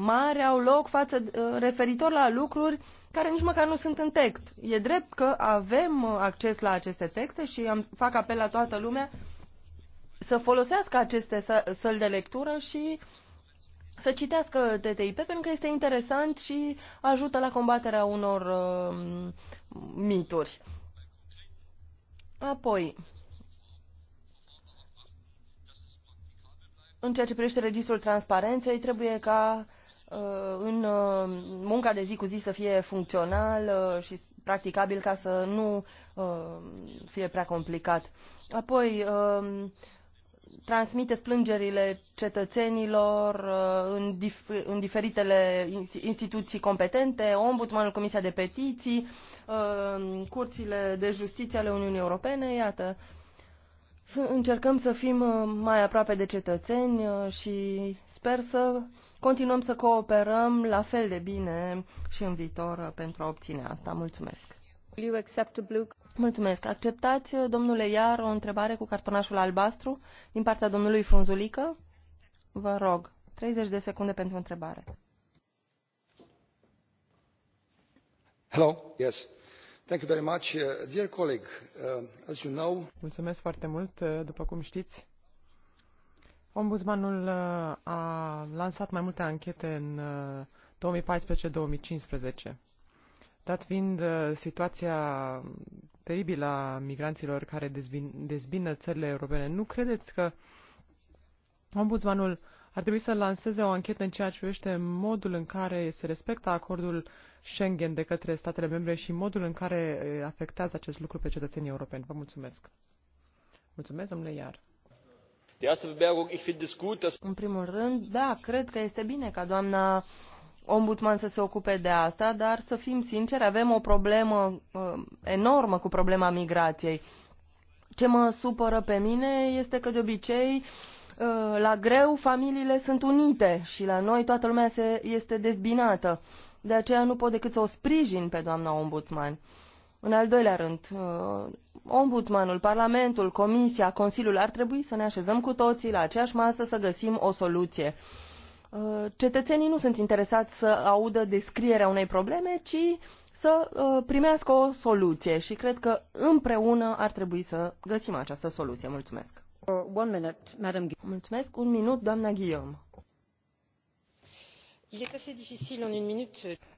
S1: mari au loc față referitor la lucruri care nici măcar nu sunt în text. E drept că avem acces la aceste texte și am, fac apel la toată lumea să folosească aceste săli de lectură și să citească TTIP pentru că este interesant și ajută la combaterea unor uh, mituri. Apoi, în ceea ce privește registrul transparenței, trebuie ca uh, în uh, munca de zi cu zi să fie funcțional uh, și practicabil ca să nu fie prea complicat. Apoi, um, transmiteți plângerile cetățenilor uh, în, dif- în diferitele instituții competente, Ombudsmanul, Comisia de Petiții, uh, Curțile de Justiție ale Uniunii Europene, iată. Să încercăm să fim uh, mai aproape de cetățeni și sper să continuăm să cooperăm la fel de bine și în viitor pentru a obține asta. Mulțumesc! Mulțumesc. Acceptați, domnule Iar, o întrebare cu cartonașul albastru din partea domnului Funzulică? Vă rog, 30 de secunde pentru întrebare.
S2: Hello, yes. Thank you very much. Uh, dear colleague, uh, as you know...
S3: Mulțumesc foarte mult. Uh, după cum știți, ombudsmanul a lansat mai multe anchete în 2014-2015. Dat fiind situația teribil a migranților care dezbin, dezbină țările europene. Nu credeți că ombudsmanul ar trebui să lanseze o anchetă în ceea ce privește modul în care se respectă acordul Schengen de către statele membre și modul în care afectează acest lucru pe cetățenii europeni. Vă mulțumesc. Mulțumesc, domnule Iar.
S1: În primul rând, da, cred că este bine ca doamna ombudsman să se ocupe de asta, dar să fim sinceri, avem o problemă uh, enormă cu problema migrației. Ce mă supără pe mine este că de obicei uh, la greu familiile sunt unite și la noi toată lumea se, este dezbinată. De aceea nu pot decât să o sprijin pe doamna ombudsman. În al doilea rând, uh, ombudsmanul, Parlamentul, Comisia, Consiliul ar trebui să ne așezăm cu toții la aceeași masă să găsim o soluție. Uh, cetățenii nu sunt interesați să audă descrierea unei probleme, ci să uh, primească o soluție și cred că împreună ar trebui să găsim această soluție. Mulțumesc. Uh, one minute, Madam Mulțumesc. Un minut, doamna Guillaume.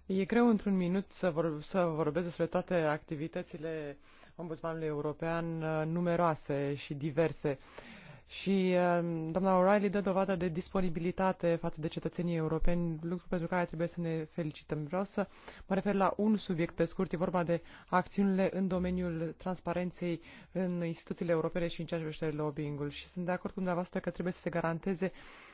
S3: E greu într-un minut să, vor, să vorbesc despre toate activitățile ombudsmanului european numeroase și diverse. Uh, și um, doamna O'Reilly dă dovadă de disponibilitate față de cetățenii europeni, lucru pentru care trebuie să ne felicităm. Vreau să mă refer la un subiect pe scurt, e vorba de acțiunile în domeniul transparenței în instituțiile europene și în ceea ce privește lobbying-ul. Și sunt de acord cu dumneavoastră că trebuie să se garanteze uh,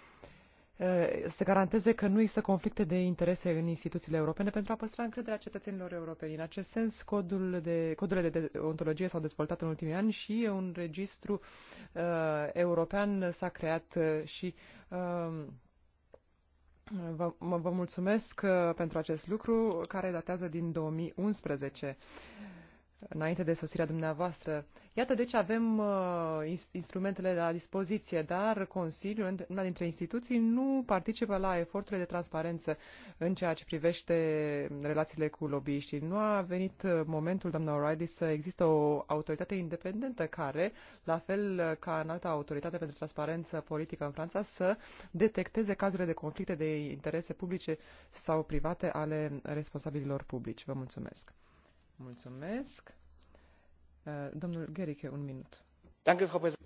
S3: Uh, se garanteze că nu există conflicte de interese în instituțiile europene pentru a păstra încrederea cetățenilor europeni. În acest sens, codul de, codurile de ontologie s-au dezvoltat în ultimii ani și un registru uh, european s-a creat uh, și uh, Vă, vă mulțumesc uh, pentru acest lucru care datează din 2011 înainte de sosirea dumneavoastră. Iată, deci avem uh, instrumentele la dispoziție, dar Consiliul, una dintre instituții, nu participă la eforturile de transparență în ceea ce privește relațiile cu lobbyiștii. Nu a venit uh, momentul, doamna O'Reilly, să există o autoritate independentă care, la fel ca în alta autoritate pentru transparență politică în Franța, să detecteze cazurile de conflicte de interese publice sau private ale responsabililor publici. Vă mulțumesc. Mulțumesc. Uh, domnul Gheriche, un minut.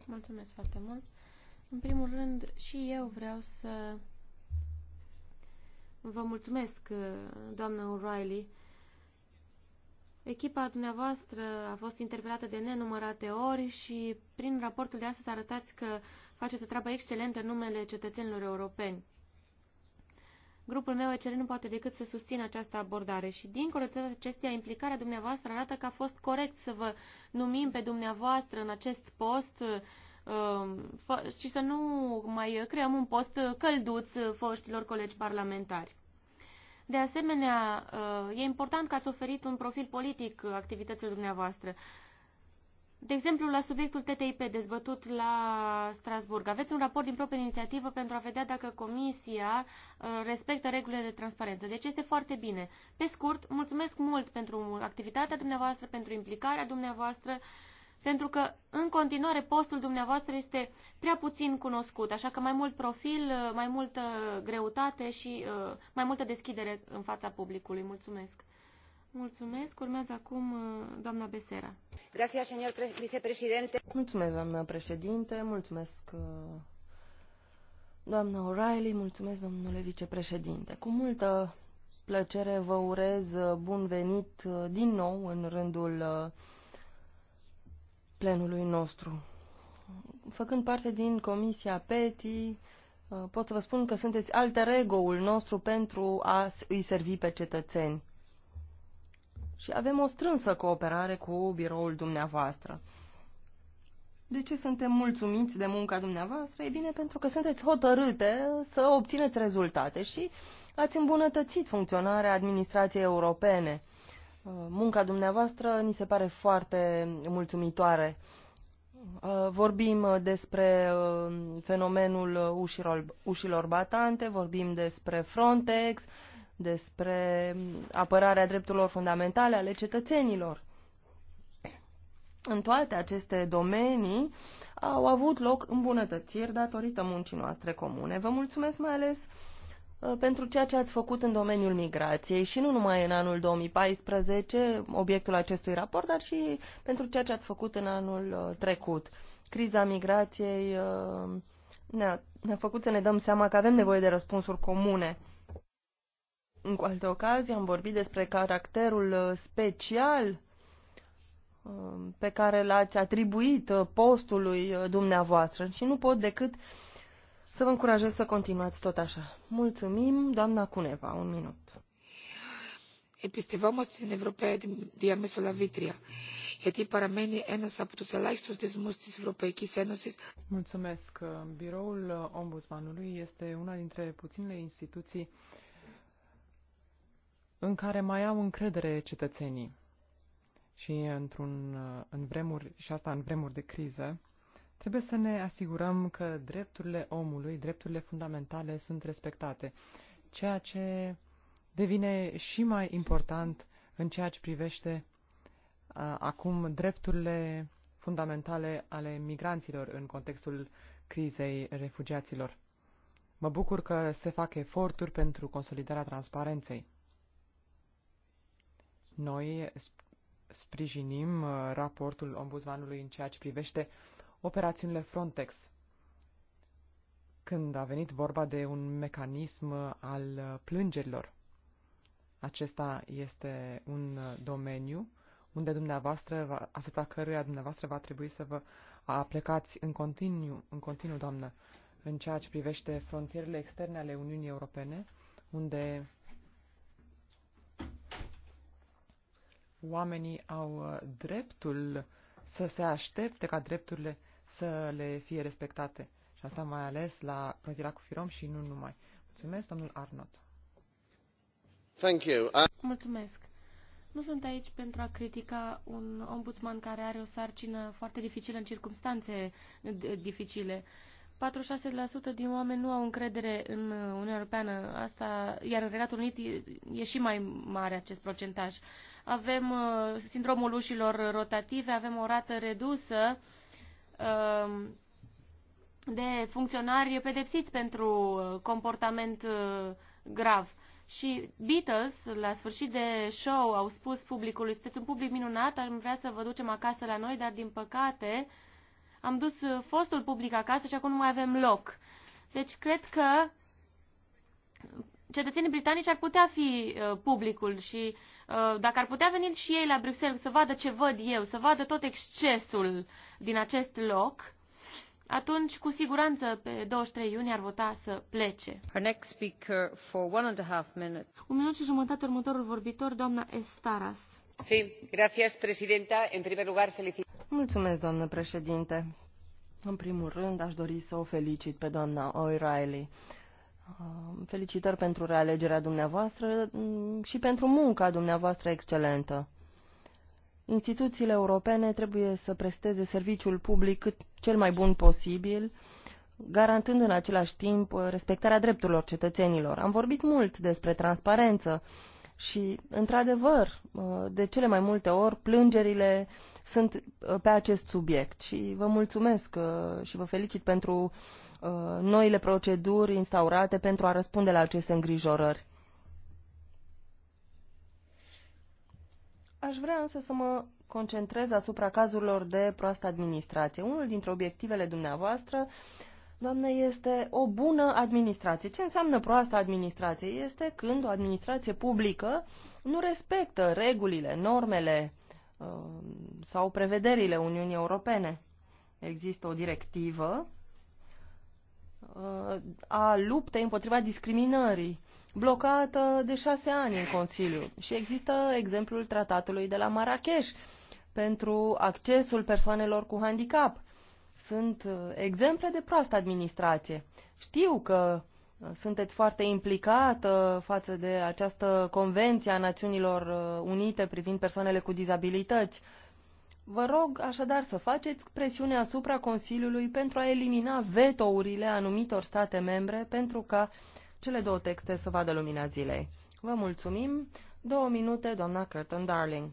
S2: Mulțumesc foarte mult. În primul rând, și eu vreau să vă mulțumesc, uh, doamnă O'Reilly. Echipa dumneavoastră a fost interpelată de nenumărate ori și prin raportul de astăzi arătați că faceți o treabă excelentă în numele cetățenilor europeni. Grupul meu ECR nu poate decât să susțină această abordare și, dincolo de toate acestea, implicarea dumneavoastră arată că a fost corect să vă numim pe dumneavoastră în acest post um, și să nu mai creăm un post călduț foștilor colegi parlamentari. De asemenea, uh, e important că ați oferit un profil politic activităților dumneavoastră. De exemplu, la subiectul TTIP dezbătut la Strasburg, aveți un raport din proprie inițiativă pentru a vedea dacă Comisia uh, respectă regulile de transparență. Deci este foarte bine. Pe scurt, mulțumesc mult pentru activitatea dumneavoastră, pentru implicarea dumneavoastră, pentru că în continuare postul dumneavoastră este prea puțin cunoscut, așa că mai mult profil, uh, mai multă greutate și uh, mai multă deschidere în fața publicului. Mulțumesc! Mulțumesc. Urmează acum uh, doamna Besera. Gracias, señor vicepresidente.
S1: Mulțumesc, doamna președinte. Mulțumesc, uh, doamna O'Reilly. Mulțumesc, domnule vicepreședinte. Cu multă plăcere vă urez uh, bun venit din nou în rândul plenului nostru. Făcând parte din Comisia PETI, pot să vă spun că sunteți alter ego-ul nostru pentru a îi servi pe cetățeni și avem o strânsă cooperare cu biroul dumneavoastră. De ce suntem mulțumiți de munca dumneavoastră? E bine, pentru că sunteți hotărâte să obțineți rezultate și ați îmbunătățit funcționarea administrației europene. Uh, munca dumneavoastră ni se pare foarte mulțumitoare. Uh, vorbim despre uh, fenomenul ușilor, ușilor batante, vorbim despre Frontex, despre apărarea drepturilor fundamentale ale cetățenilor. În toate aceste domenii au avut loc îmbunătățiri datorită muncii noastre comune. Vă mulțumesc mai ales uh, pentru ceea ce ați făcut în domeniul migrației și nu numai în anul 2014, obiectul acestui raport, dar și pentru ceea ce ați făcut în anul uh, trecut. Criza migrației uh, ne-a ne, -a, ne -a făcut să ne dăm seama că avem nevoie de răspunsuri comune în cu alte ocazii am vorbit despre caracterul uh, special um, pe care l-ați atribuit uh, postului uh, dumneavoastră și nu pot decât să vă încurajez să continuați tot așa. Mulțumim, doamna Cuneva, un minut.
S2: Επιστευόμαστε στην Ευρωπαία διαμέσου λαβήτρια, γιατί παραμένει ένας από τους ελάχιστους θεσμούς της Ευρωπαϊκής Ένωσης. Mulțumesc. Biroul
S3: Ombudsmanului είστε ένα από τις instituții uh, în care mai au încredere cetățenii. Și într-un, în vremuri, și asta în vremuri de criză, trebuie să ne asigurăm că drepturile omului, drepturile fundamentale sunt respectate, ceea ce devine și mai important în ceea ce privește a, acum drepturile fundamentale ale migranților în contextul crizei refugiaților. Mă bucur că se fac eforturi pentru consolidarea transparenței. Noi sprijinim uh, raportul ombudsmanului în ceea ce privește operațiunile Frontex. Când a venit vorba de un mecanism uh, al uh, plângerilor, acesta este un domeniu unde dumneavoastră, asupra căruia dumneavoastră va trebui să vă aplicați în continuu, în continuu, doamnă, în ceea ce privește frontierele externe ale Uniunii Europene, unde oamenii au uh, dreptul să se aștepte ca drepturile să le fie respectate. Și asta mai ales la plătirea cu firom și nu numai. Mulțumesc, domnul Arnot.
S2: Thank you. I... Mulțumesc. Nu sunt aici pentru a critica un ombudsman care are o sarcină foarte dificilă în circunstanțe dificile. 46% din oameni nu au încredere în Uniunea Europeană, asta, iar în Regatul Unit e, e și mai mare acest procentaj. Avem uh, sindromul ușilor rotative, avem o rată redusă uh, de funcționari pedepsiți pentru uh, comportament uh, grav. Și Beatles, la sfârșit de show, au spus publicului, sunteți un public minunat, am vrea să vă ducem acasă la noi, dar din păcate uh, am dus uh, fostul public acasă și acum nu mai avem loc. Deci cred că cetățenii britanici ar putea fi uh, publicul și uh, dacă ar putea veni și ei la Bruxelles să vadă ce văd eu, să vadă tot excesul din acest loc, atunci cu siguranță pe 23 iunie ar vota să plece. Our next speaker for one and a half minute. Un minut și jumătate următorul vorbitor, doamna Estaras. Sí, gracias, presidenta. En primer lugar, felicit
S1: Mulțumesc, doamnă președinte. În primul rând, aș dori să o felicit pe doamna O'Reilly. Uh, felicitări pentru realegerea dumneavoastră mm, și pentru munca dumneavoastră excelentă. Instituțiile europene trebuie să presteze serviciul public cât cel mai bun posibil, garantând în același timp uh, respectarea drepturilor cetățenilor. Am vorbit mult despre transparență și, într-adevăr, uh, de cele mai multe ori, plângerile sunt uh, pe acest subiect și vă mulțumesc uh, și vă felicit pentru uh, noile proceduri instaurate pentru a răspunde la aceste îngrijorări. Aș vrea însă să mă concentrez asupra cazurilor de proastă administrație. Unul dintre obiectivele dumneavoastră, doamne, este o bună administrație. Ce înseamnă proastă administrație? Este când o administrație publică nu respectă regulile, normele Um, sau prevederile Uniunii Europene. Există o directivă uh, a luptei împotriva discriminării, blocată de șase ani în Consiliu. Și există exemplul tratatului de la Marrakesh pentru accesul persoanelor cu handicap. Sunt uh, exemple de proastă administrație. Știu că uh, sunteți foarte implicată față de această convenție a Națiunilor uh, Unite privind persoanele cu dizabilități. Vă rog așadar să faceți presiune asupra Consiliului pentru a elimina vetourile anumitor state membre pentru ca cele două texte să vadă lumina zilei. Vă mulțumim.
S3: Două minute, doamna Curtin Darling.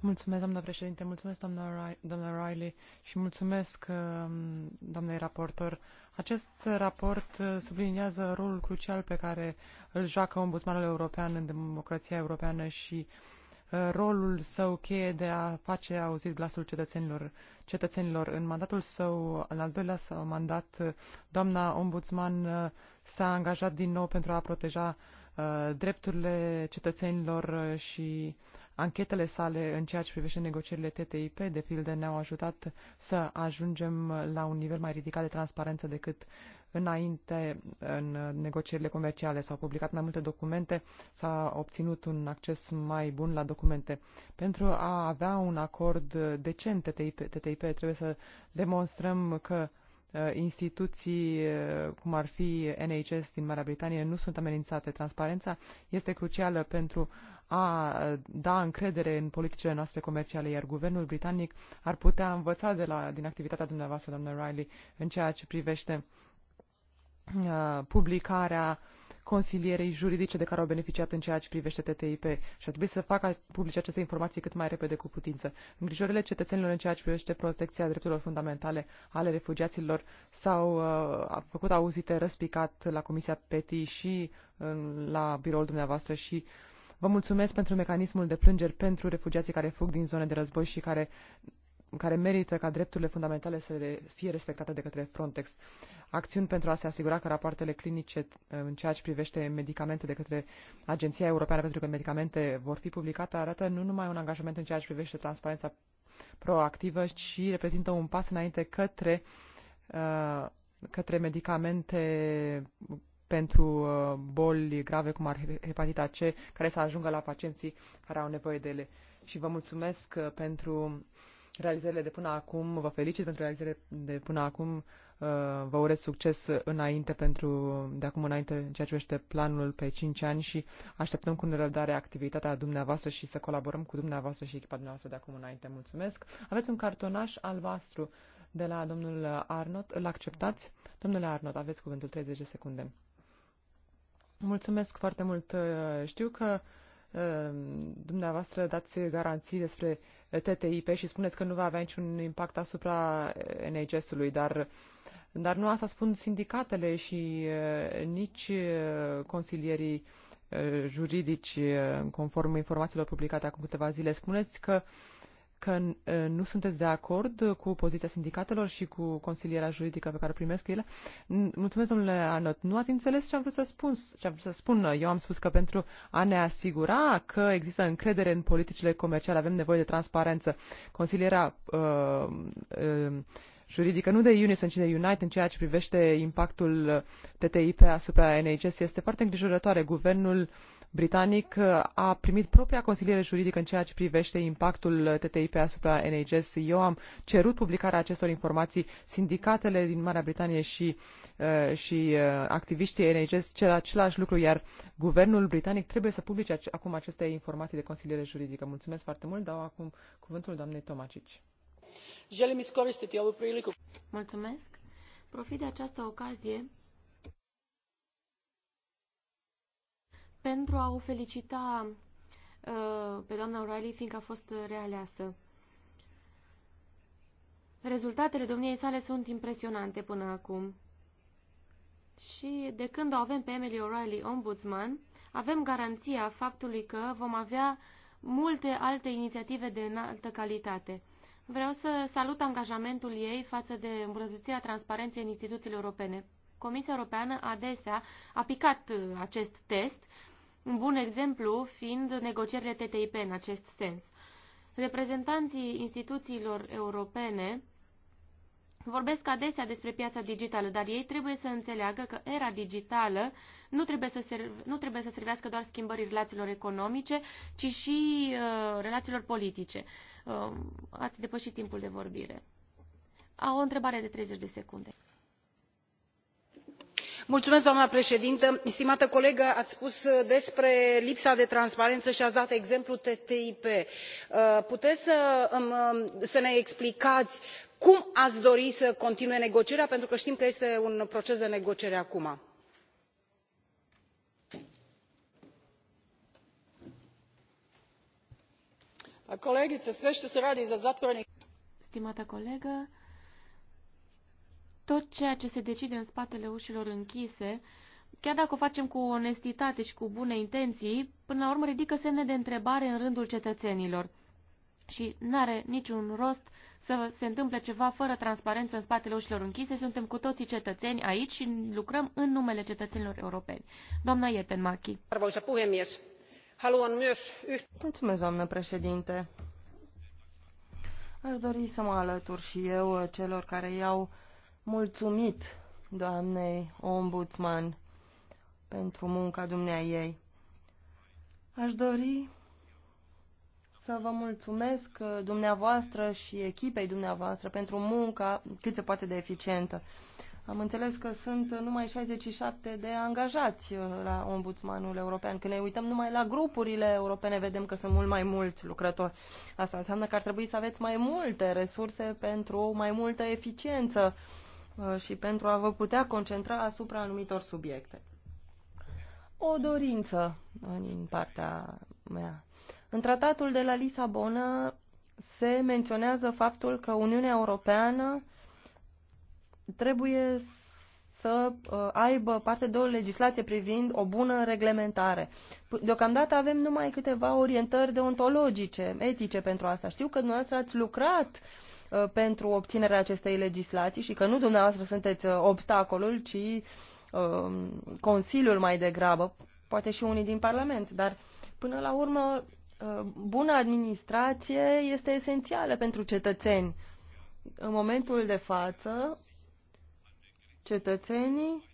S3: Mulțumesc, doamna președinte, mulțumesc, doamna, Riley, și mulțumesc, um, doamnei raportor. Acest raport uh, subliniază rolul crucial pe care îl joacă ombudsmanul european în democrația europeană și uh, rolul său cheie de a face auzit glasul cetățenilor. cetățenilor. În mandatul său, în al doilea său mandat, uh, doamna ombudsman s-a angajat din nou pentru a proteja drepturile cetățenilor și Anchetele sale în ceea ce privește negocierile TTIP, de pildă, ne-au ajutat să ajungem la un nivel mai ridicat de transparență decât înainte în negocierile comerciale. S-au publicat mai multe documente, s-a obținut un acces mai bun la documente. Pentru a avea un acord decent TTIP, TTIP trebuie să demonstrăm că Uh, instituții uh, cum ar fi NHS din Marea Britanie nu sunt amenințate. Transparența este crucială pentru a uh, da încredere în politicile noastre comerciale, iar guvernul britanic ar putea învăța de la, din activitatea dumneavoastră, doamnă Riley, în ceea ce privește publicarea uh, consilierei juridice de care au beneficiat în ceea ce privește TTIP și ar trebui să facă publice aceste informații cât mai repede cu putință. Îngrijorile cetățenilor în ceea ce privește protecția drepturilor fundamentale ale refugiaților s-au uh, făcut auzite răspicat la Comisia PETI și în, uh, la biroul dumneavoastră și Vă mulțumesc pentru mecanismul de plângeri pentru refugiații care fug din zone de război și care care merită ca drepturile fundamentale să fie respectate de către Frontex. Acțiuni pentru a se asigura că rapoartele clinice eh, în ceea ce privește medicamente de către Agenția Europeană pentru că medicamente vor fi publicate arată nu numai un angajament în ceea ce privește transparența proactivă, ci reprezintă un pas înainte către, eh, către medicamente pentru eh, boli grave cum ar hepatita C, care să ajungă la pacienții care au nevoie de ele. Și vă mulțumesc pentru realizările de până acum, vă felicit pentru realizările de până acum, uh, vă urez succes înainte pentru, de acum înainte în ceea ce este planul pe 5 ani și așteptăm cu nerăbdare activitatea dumneavoastră și să colaborăm cu dumneavoastră și echipa dumneavoastră de acum înainte. Mulțumesc! Aveți un cartonaș albastru de la domnul Arnot, îl acceptați? Domnule Arnot, aveți cuvântul 30 de secunde. Mulțumesc foarte mult. Uh, știu că dumneavoastră dați garanții despre TTIP și spuneți că nu va avea niciun impact asupra NHS-ului, dar, dar nu asta spun sindicatele și eh, nici eh, consilierii eh, juridici, conform informațiilor publicate acum câteva zile. Spuneți că uh, că nu sunteți de acord cu poziția sindicatelor și cu consilierea juridică pe care o primesc ele. Mulțumesc, domnule Anot. Nu ați înțeles ce am vrut să spun. Ce am vrut să spun. Eu am spus că pentru a ne asigura că există încredere în politicile comerciale avem nevoie de transparență. Consilierea uh, uh, juridică, nu de Unison, ci de Unite în ceea ce privește impactul TTIP asupra NHS este foarte îngrijorătoare. Guvernul uh, britanic uh, a primit propria consiliere juridică în ceea ce privește impactul TTIP asupra NHS. Eu am cerut publicarea acestor informații. Sindicatele din Marea Britanie și, uh, și uh, activiștii NHS cer același lucru, iar guvernul britanic trebuie să publice acum aceste informații de consiliere juridică. Mulțumesc foarte mult. Dau acum cuvântul doamnei Tomacici.
S2: Mulțumesc. Profit de această ocazie pentru a o felicita uh, pe doamna O'Reilly, fiindcă a fost uh, realeasă. Rezultatele domniei sale sunt impresionante până acum. Și de când o avem pe Emily O'Reilly ombudsman, avem garanția faptului că vom avea multe alte inițiative de înaltă calitate. Vreau să salut angajamentul ei față de îmbunătățirea transparenței în instituțiile europene. Comisia Europeană adesea a picat uh, acest test un bun exemplu fiind negocierile TTIP în acest sens. Reprezentanții instituțiilor europene vorbesc adesea despre piața digitală, dar ei trebuie să înțeleagă că era digitală nu trebuie să, serv- nu trebuie să servească doar schimbării relațiilor economice, ci și uh, relațiilor politice. Uh, ați depășit timpul de vorbire. A o întrebare de 30 de secunde
S1: doamnă președintă stimată colegă ați spus despre lipsa de transparență și ați dat exemplul ttip. Uh, puteți um, um, să ne explicați cum ați dori să continue negocierea pentru că știm că este un proces de negociere
S3: acum?
S2: stimată colegă tot ceea ce se decide în spatele ușilor închise, chiar dacă o facem cu onestitate și cu bune intenții, până la urmă ridică semne de întrebare în rândul cetățenilor. Și nu are niciun rost să se întâmple ceva fără transparență în spatele ușilor închise. Suntem cu toții cetățeni aici și lucrăm în numele cetățenilor europeni. Doamna Ietenmachi. Arvoisa puhemies, haluan
S1: myös... Mulțumesc,
S2: doamnă președinte. Aș dori să mă
S1: alătur și eu celor care iau mulțumit doamnei ombudsman pentru munca dumnea ei. Aș dori să vă mulțumesc uh, dumneavoastră și echipei dumneavoastră pentru munca cât se poate de eficientă. Am înțeles că sunt numai 67 de angajați uh, la Ombudsmanul European. Când ne uităm numai la grupurile europene, vedem că sunt mult mai mulți lucrători. Asta înseamnă că ar trebui să aveți mai multe resurse pentru mai multă eficiență Uh, și pentru a vă putea concentra asupra anumitor subiecte. O dorință din partea mea. În tratatul de la Lisabona se menționează faptul că Uniunea Europeană trebuie să uh, aibă parte de o legislație privind o bună reglementare. Deocamdată avem numai câteva orientări deontologice, etice pentru asta. Știu că dumneavoastră ați lucrat uh, Uh, pentru obținerea acestei legislații și că nu dumneavoastră sunteți uh, obstacolul, ci um, Consiliul mai degrabă, poate și unii din Parlament, dar până la urmă uh, bună administrație este esențială pentru cetățeni. În momentul de față, cetățenii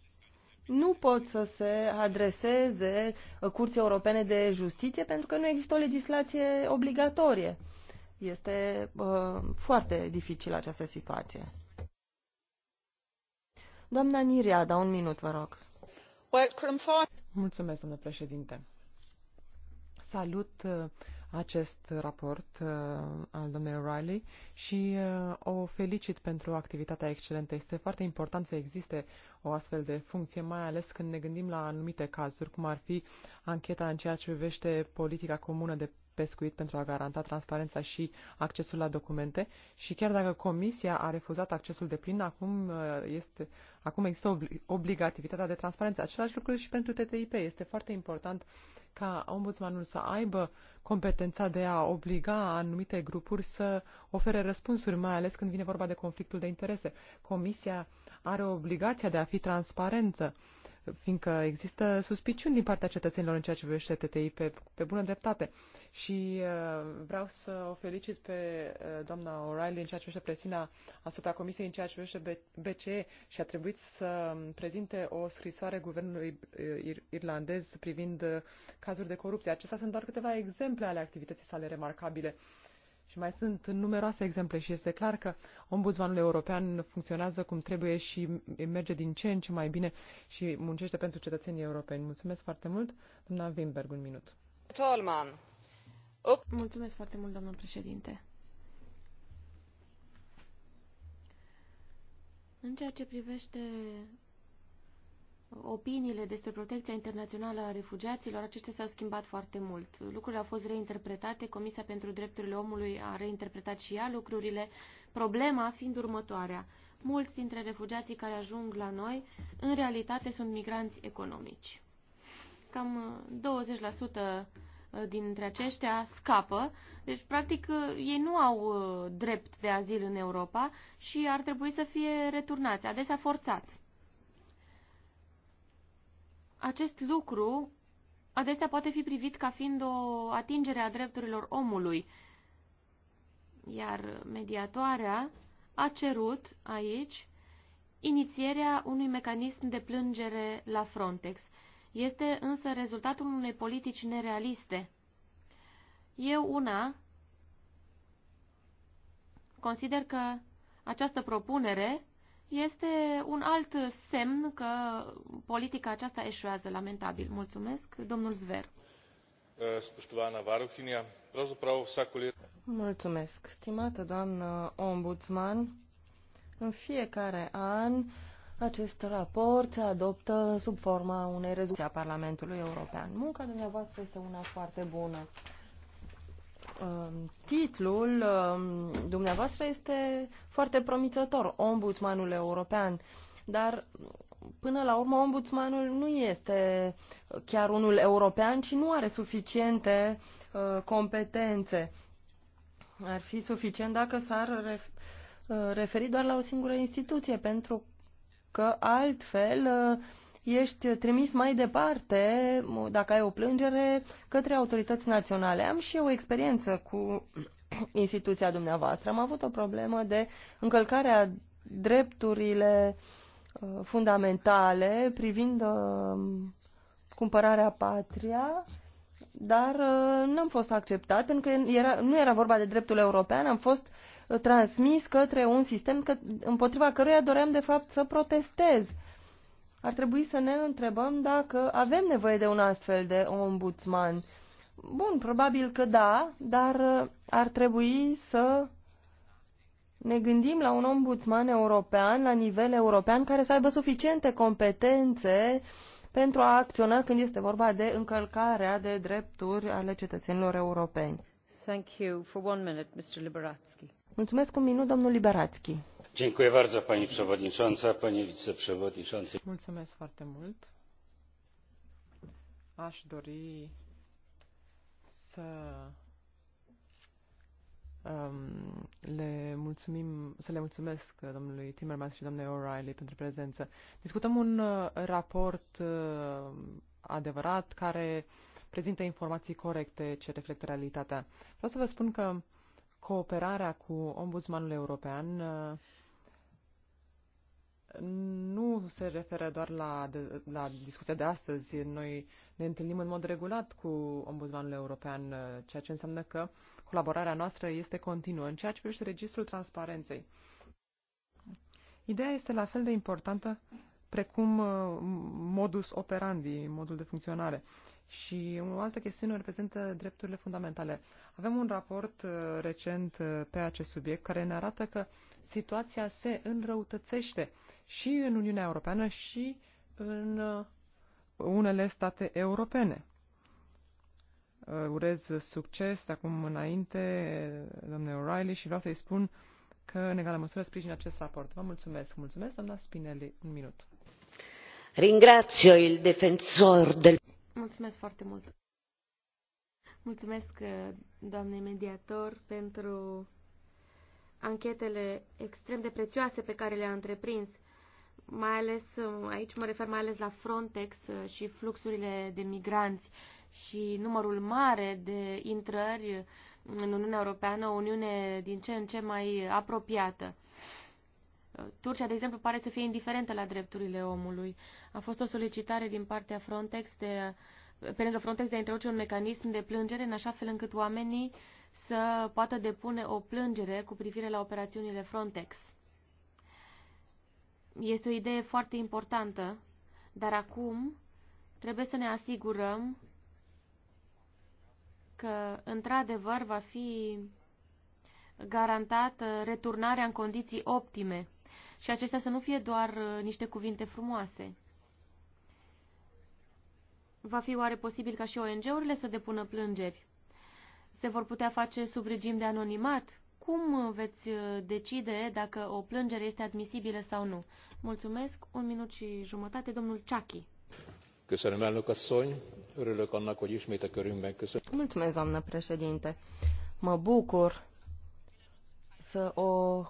S1: nu pot să se adreseze Curții Europene de Justiție pentru că nu există o legislație obligatorie. Este uh, foarte dificil această situație. Doamna da, un minut, vă
S3: rog. Mulțumesc, domnule președinte. Salut uh, acest raport uh, al domnului Riley și uh, o felicit pentru activitatea excelentă. Este foarte important să existe o astfel de funcție, mai ales când ne gândim la anumite cazuri, cum ar fi ancheta în ceea ce privește politica comună de pescuit pentru a garanta transparența și accesul la documente și chiar dacă Comisia a refuzat accesul de plin, acum, uh, este, acum există obligativitatea de transparență. Același lucru și pentru TTIP. Este foarte important ca ombudsmanul să aibă competența de a obliga anumite grupuri să ofere răspunsuri, mai ales când vine vorba de conflictul de interese. Comisia are obligația de a fi transparentă fiindcă există suspiciuni din partea cetățenilor în ceea ce privește TTI pe, pe bună dreptate. Și uh, vreau să o felicit pe uh, doamna O'Reilly în ceea ce privește presiunea asupra Comisiei în ceea ce privește BCE și a trebuit să prezinte o scrisoare guvernului uh, irlandez privind uh, cazuri de corupție. Acestea sunt doar câteva exemple ale activității sale remarcabile. Și mai sunt numeroase exemple și este clar că ombudsmanul european funcționează cum trebuie și merge din ce în ce mai bine și muncește pentru cetățenii europeni. Mulțumesc foarte mult. Doamna Wimberg, un minut.
S2: Talman. Mulțumesc foarte mult, domnul președinte. În ceea ce privește opiniile despre protecția internațională a refugiaților, acestea s-au schimbat foarte mult. Lucrurile au fost reinterpretate, Comisia pentru Drepturile Omului a reinterpretat și ea lucrurile, problema fiind următoarea. Mulți dintre refugiații care ajung la noi, în realitate, sunt migranți economici. Cam 20% uh, uh, dintre aceștia scapă. Deci, practic, uh, ei nu au drept de azil în Europa și ar trebui să fie returnați, adesea forțați acest lucru adesea poate fi privit ca fiind o atingere a drepturilor omului. Iar mediatoarea a cerut aici inițierea unui mecanism de plângere la Frontex. Este însă rezultatul unei politici nerealiste. Eu una consider că această propunere este un alt semn că politica aceasta eșuează lamentabil. Mulțumesc, domnul Zver. Eh, Mulțumesc, stimată doamnă
S1: ombudsman. În fiecare an, acest raport se adoptă sub forma unei rezoluții a Parlamentului European. Munca dumneavoastră este una foarte bună. Um, titlul um, dumneavoastră este foarte promițător, Ombudsmanul European, dar până la urmă ombudsmanul nu este chiar unul european și nu are suficiente uh, competențe. Ar fi suficient dacă s-ar uh, referi doar la o singură instituție, pentru că altfel uh, ești trimis mai departe, dacă ai o plângere, către autorități naționale. Am și eu o experiență cu instituția dumneavoastră. Am avut o problemă de încălcarea drepturile uh, fundamentale privind uh, cumpărarea patria, dar uh, n-am fost acceptat pentru că era, nu era vorba de dreptul european, am fost transmis către un sistem că, împotriva căruia doream de fapt să protestez ar trebui să ne întrebăm dacă avem nevoie de un astfel de ombudsman. Bun, probabil că da, dar uh, ar trebui să ne gândim la un ombudsman european, la nivel european, care să aibă suficiente competențe pentru a acționa când este vorba de încălcarea de drepturi ale cetățenilor europeni.
S2: Thank you. For one minute, Mr.
S1: Mulțumesc un minut, domnul Liberatski pani przewodnicząca panie wiceprzewodniczący!
S3: aș dori să um, le mulțumim, să le mulțumesc domnului Timmermans și doamnei O'Reilly pentru prezență. Discutăm un uh, raport uh, adevărat care prezintă informații corecte ce reflectă realitatea. Vreau să vă spun că cooperarea cu Ombudsmanul European uh, nu se referă doar la, de, la discuția de astăzi. Noi ne întâlnim în mod regulat cu Ombudsmanul European, ceea ce înseamnă că colaborarea noastră este continuă în ceea ce privește registrul transparenței. Ideea este la fel de importantă precum uh, modus operandi, modul de funcționare. Și o altă chestiune reprezintă drepturile fundamentale. Avem un raport uh, recent uh, pe acest subiect care ne arată că situația se înrăutățește și în Uniunea Europeană și în uh, unele state europene. Uh, urez succes acum înainte, uh, domnule O'Reilly, și vreau să-i spun că, în egală măsură, sprijin acest raport. Vă mulțumesc. Mulțumesc, doamna Spinelli. Un minut.
S2: Ringrazio il defensor del... Mulțumesc foarte mult. Mulțumesc, doamne mediator, pentru anchetele extrem de prețioase pe care le-a întreprins mai ales, uh, aici mă refer mai ales la Frontex uh, și fluxurile de migranți și numărul mare de intrări în Uniunea Europeană, o Uniune din ce în ce mai apropiată. Uh, Turcia, de exemplu, pare să fie indiferentă la drepturile omului. A fost o solicitare din partea Frontex de, pe lângă Frontex de a introduce un mecanism de plângere în așa fel încât oamenii să poată depune o plângere cu privire la operațiunile Frontex. Este o idee foarte importantă, dar acum trebuie să ne asigurăm că, într-adevăr, va fi garantată returnarea în condiții optime și acestea să nu fie doar uh, niște cuvinte frumoase. Va fi oare posibil ca și ONG-urile să depună plângeri? Se vor putea face sub regim de anonimat? cum veți uh, decide dacă o plângere este admisibilă sau nu? Mulțumesc. Un minut și jumătate, domnul Ceachi.
S1: Köszönöm, elnök asszony. Örülök annak, hogy ismét a körünkben köszönöm. Mulțumesc, doamnă președinte. Mă bucur să o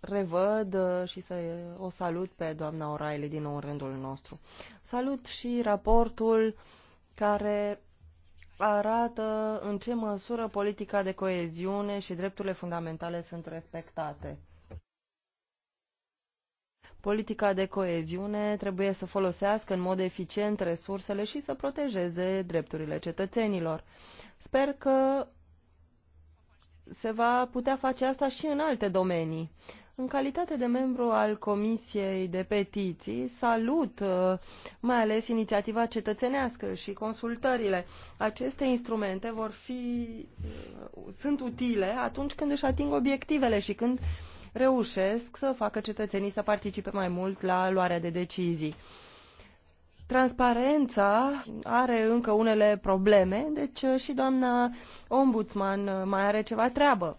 S1: revăd și să o salut pe doamna Oraile din nou în rândul nostru. Salut și raportul care arată în ce măsură politica de coeziune și drepturile fundamentale sunt respectate. Politica de coeziune trebuie să folosească în mod eficient resursele și să protejeze drepturile cetățenilor. Sper că se va putea face asta și în alte domenii. În calitate de membru al Comisiei de Petiții, salut uh, mai ales inițiativa cetățenească și consultările. Aceste instrumente vor fi, uh, sunt utile atunci când își ating obiectivele și când reușesc să facă cetățenii să participe mai mult la luarea de decizii. Transparența are încă unele probleme, deci uh, și doamna ombudsman mai are ceva treabă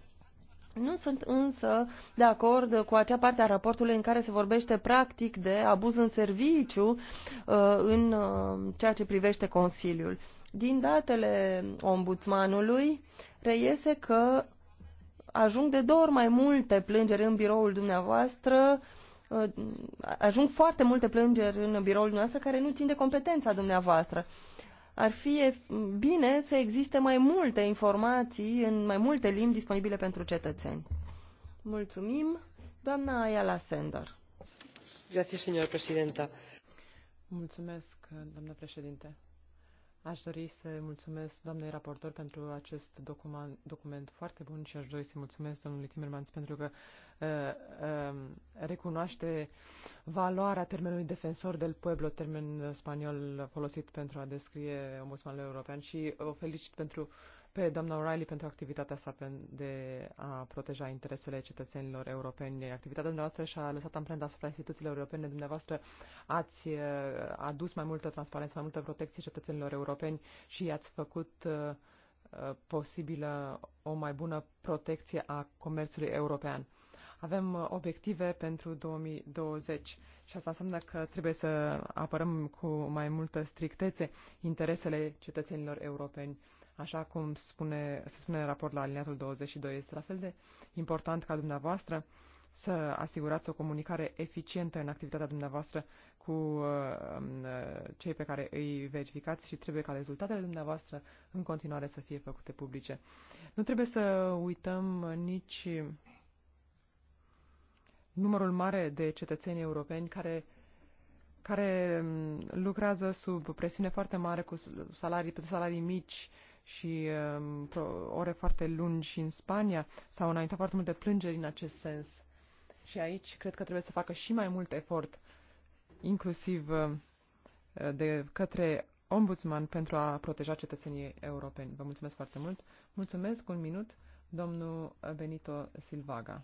S1: nu sunt însă de acord cu acea parte a raportului în care se vorbește practic de abuz în serviciu uh, în uh, ceea ce privește Consiliul. Din datele ombudsmanului reiese că ajung de două ori mai multe plângeri în biroul dumneavoastră uh, ajung foarte multe plângeri în biroul dumneavoastră care nu țin de competența dumneavoastră ar fi bine să existe mai multe informații în mai multe limbi disponibile pentru cetățeni. Mulțumim, doamna Ayala Sender. Grazie, signora
S3: Mulțumesc, doamna președinte. Aș dori să mulțumesc doamnei raportor pentru acest document, document foarte bun și aș dori să mulțumesc domnului Timmermans pentru că uh, uh, recunoaște valoarea termenului defensor del pueblo, termen spaniol folosit pentru a descrie ombudsmanul european și o felicit pentru uh, pe doamna O'Reilly pentru activitatea sa de a proteja interesele cetățenilor europeni. Activitatea dumneavoastră și-a lăsat amprenta asupra instituțiilor europene. Dumneavoastră ați eh, adus mai multă transparență, mai multă protecție cetățenilor europeni și i-ați făcut eh, eh, posibilă o mai bună protecție a comerțului european. Avem obiective pentru 2020 și asta înseamnă că trebuie să apărăm cu mai multă strictețe interesele cetățenilor europeni Așa cum spune, se spune în raport la aliniatul 22, este la fel de important ca dumneavoastră să asigurați o comunicare eficientă în activitatea dumneavoastră cu uh, uh, cei pe care îi verificați și trebuie ca rezultatele dumneavoastră în continuare să fie făcute publice. Nu trebuie să uităm nici numărul mare de cetățeni europeni care care mm, lucrează sub presiune foarte mare cu salarii, pentru salarii mici, și um, ore foarte lungi și în Spania. S-au înaintat foarte multe plângeri în acest sens. Și aici cred că trebuie să facă și mai mult efort, inclusiv uh, de către ombudsman pentru a proteja cetățenii europeni. Vă mulțumesc foarte mult. Mulțumesc un minut, domnul Benito Silvaga.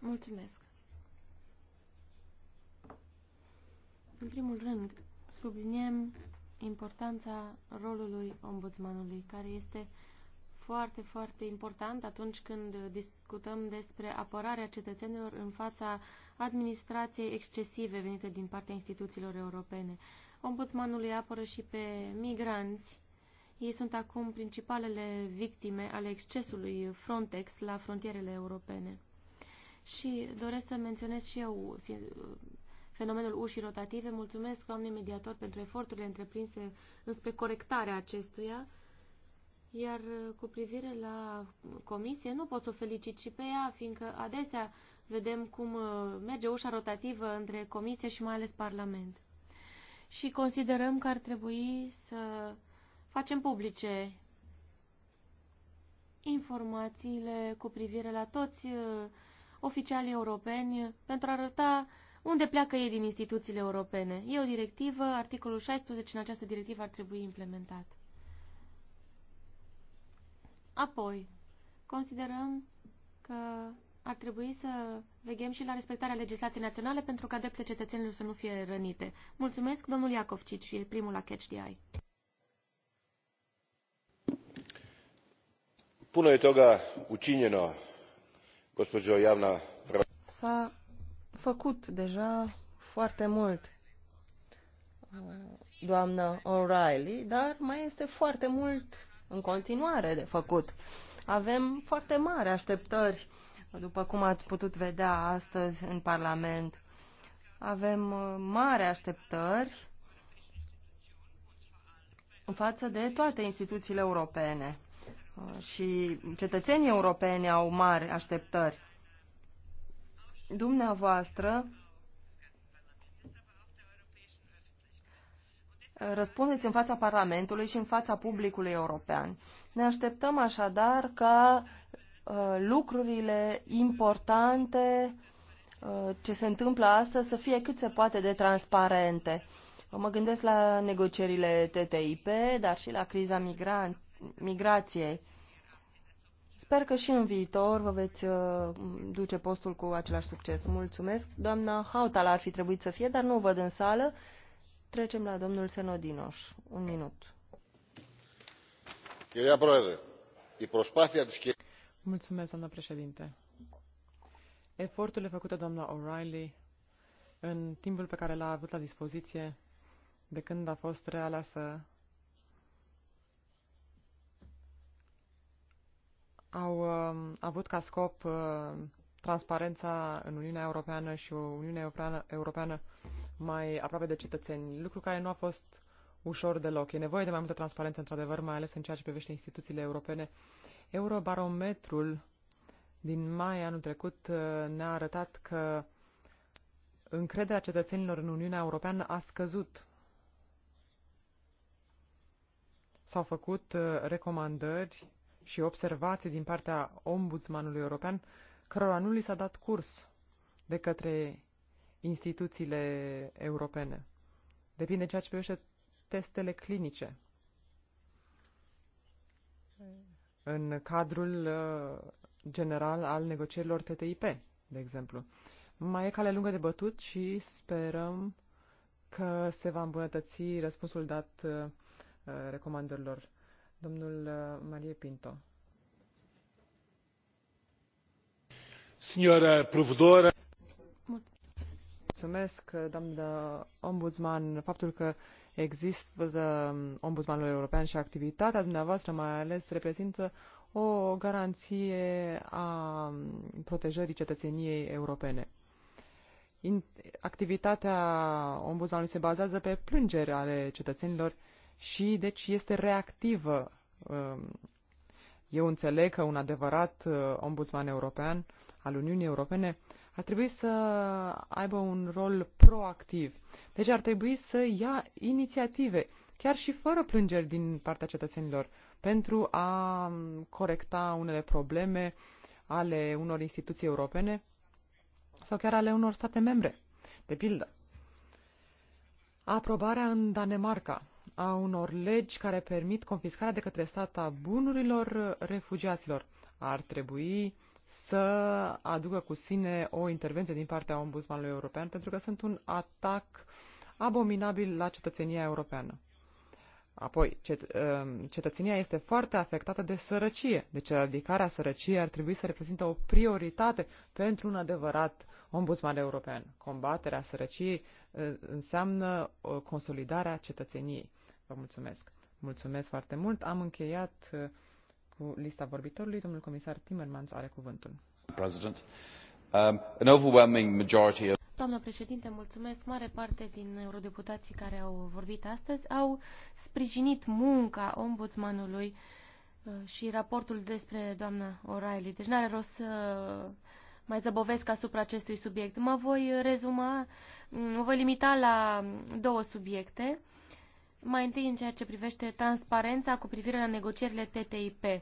S2: Mulțumesc. În primul rând, subliniem importanța rolului ombudsmanului, care este foarte, foarte important atunci când discutăm despre apărarea cetățenilor în fața administrației excesive venite din partea instituțiilor europene. Ombudsmanul îi apără și pe migranți. Ei sunt acum principalele victime ale excesului Frontex la frontierele europene. Și doresc să menționez și eu fenomenul ușii rotative. Mulțumesc, doamne mediator, pentru eforturile întreprinse înspre corectarea acestuia. Iar uh, cu privire la comisie, nu pot să o felicit și pe ea, fiindcă adesea vedem cum uh, merge ușa rotativă între comisie și mai ales Parlament. Și considerăm că ar trebui să facem publice informațiile cu privire la toți uh, oficialii europeni pentru a arăta unde pleacă ei din instituțiile europene? E o directivă, articolul 16 în această directivă ar trebui implementat. Apoi, considerăm că ar trebui să veghem și la respectarea legislației naționale pentru ca drepturile cetățenilor să nu fie rănite. Mulțumesc, domnul și e primul la Catch the Eye.
S1: Puno je toga učinjeno, gospođo javna... s făcut deja foarte mult, uh, doamna O'Reilly, dar mai este foarte mult în continuare de făcut. Avem foarte mari așteptări, după cum ați putut vedea astăzi în Parlament. Avem uh, mari așteptări față de toate instituțiile europene uh, și cetățenii europeni au mari așteptări dumneavoastră răspundeți în fața Parlamentului și în fața publicului european. Ne așteptăm așadar ca uh, lucrurile importante uh, ce se întâmplă astăzi să fie cât se poate de transparente. Mă gândesc la negocierile TTIP, dar și la criza migra- migrației. Sper că și în viitor vă veți uh, duce postul cu același succes. Mulțumesc. Doamna Hautala ar fi trebuit să fie, dar nu o văd în sală. Trecem la domnul Senodinoș. Un minut.
S3: Mulțumesc, doamna președinte. Eforturile făcute doamna O'Reilly în timpul pe care l-a avut la dispoziție de când a fost realeasă au uh, avut ca scop uh, transparența în Uniunea Europeană și o Uniune Europeană, Europeană mai aproape de cetățeni, lucru care nu a fost ușor deloc. E nevoie de mai multă transparență, într-adevăr, mai ales în ceea ce privește instituțiile europene. Eurobarometrul din mai anul trecut uh, ne-a arătat că încrederea cetățenilor în Uniunea Europeană a scăzut. S-au făcut uh, recomandări și observații din partea Ombudsmanului European, cărora nu li s-a dat curs de către instituțiile europene. Depinde ceea ce privește testele clinice. În cadrul uh, general al negocierilor TTIP, de exemplu. Mai e cale lungă de bătut și sperăm că se va îmbunătăți răspunsul dat uh, uh, recomandărilor Domnul uh, Marie Pinto.
S2: Signora Provedora.
S3: Mulțumesc, uh, doamnă ombudsman, faptul că există uh, ombudsmanul european și activitatea dumneavoastră mai ales reprezintă o garanție a um, protejării cetățeniei europene. Activitatea ombudsmanului se bazează pe plângeri ale cetățenilor și deci este reactivă. Um, eu înțeleg că un adevărat uh, ombudsman european al Uniunii Europene ar trebui să aibă un rol proactiv. Deci ar trebui să ia inițiative, chiar și fără plângeri din partea cetățenilor, pentru a um, corecta unele probleme ale unor instituții europene sau chiar ale unor state membre. De pildă, aprobarea în Danemarca a unor legi care permit confiscarea de către stat a bunurilor refugiaților. Ar trebui să aducă cu sine o intervenție din partea Ombudsmanului European pentru că sunt un atac abominabil la cetățenia europeană. Apoi, cet, um, cetățenia este foarte afectată de sărăcie, deci eradicarea sărăciei ar trebui să reprezintă o prioritate pentru un adevărat ombudsman european. Combaterea sărăciei uh, înseamnă uh, consolidarea cetățeniei. Vă mulțumesc. Mulțumesc foarte mult. Am încheiat uh, cu lista vorbitorului. Domnul comisar Timmermans are cuvântul.
S2: President, um, an overwhelming majority of... Doamnă președinte, mulțumesc. Mare parte din eurodeputații care au vorbit astăzi au sprijinit munca ombudsmanului uh, și raportul despre doamna O'Reilly. Deci nu are rost să uh, mai zăbovesc asupra acestui subiect. Mă voi rezuma, mă voi limita la două subiecte. Mai întâi în ceea ce privește transparența cu privire la negocierile TTIP. Uh,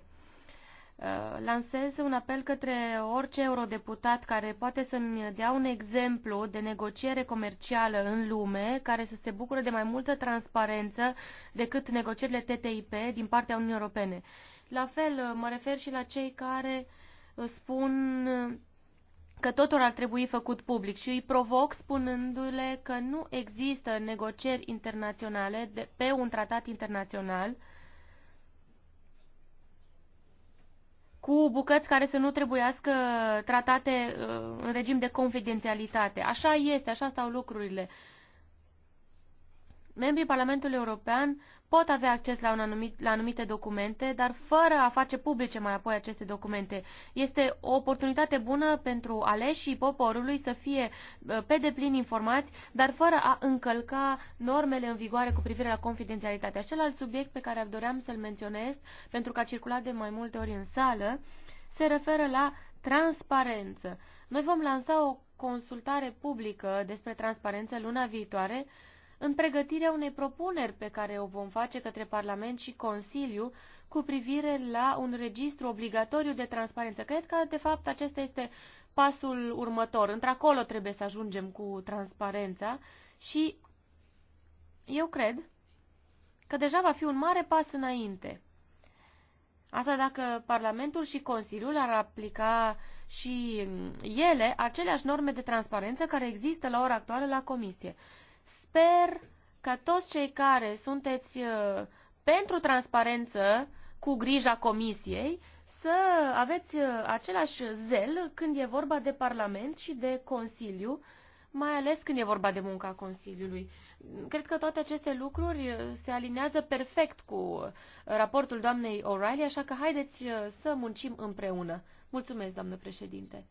S2: lansez un apel către orice eurodeputat care poate să-mi dea un exemplu de negociere comercială în lume care să se bucure de mai multă transparență decât negocierile TTIP din partea Uniunii Europene. La fel, mă refer și la cei care spun că totul ar trebui făcut public și îi provoc spunându-le că nu există negocieri internaționale de, pe un tratat internațional cu bucăți care să nu trebuiască tratate uh, în regim de confidențialitate. Așa este, așa stau lucrurile. Membrii Parlamentului European pot avea acces la, un anumit, la anumite documente, dar fără a face publice mai apoi aceste documente. Este o oportunitate bună pentru aleșii poporului să fie pe deplin informați, dar fără a încălca normele în vigoare cu privire la confidențialitate. Acel alt subiect pe care doream să-l menționez, pentru că a circulat de mai multe ori în sală, se referă la transparență. Noi vom lansa o consultare publică despre transparență luna viitoare, în pregătirea unei propuneri pe care o vom face către Parlament și Consiliu cu privire la un registru obligatoriu de transparență. Cred că, de fapt, acesta este pasul următor. Într-acolo trebuie să ajungem cu transparența și eu cred că deja va fi un mare pas înainte. Asta dacă Parlamentul și Consiliul ar aplica și ele aceleași norme de transparență care există la ora actuală la Comisie. Sper ca toți cei care sunteți uh, pentru transparență cu grija comisiei să aveți uh, același zel când e vorba de Parlament și de Consiliu, mai ales când e vorba de munca Consiliului. Cred că toate aceste lucruri uh, se alinează perfect cu raportul doamnei O'Reilly, așa că haideți să muncim împreună. Mulțumesc, doamnă președinte.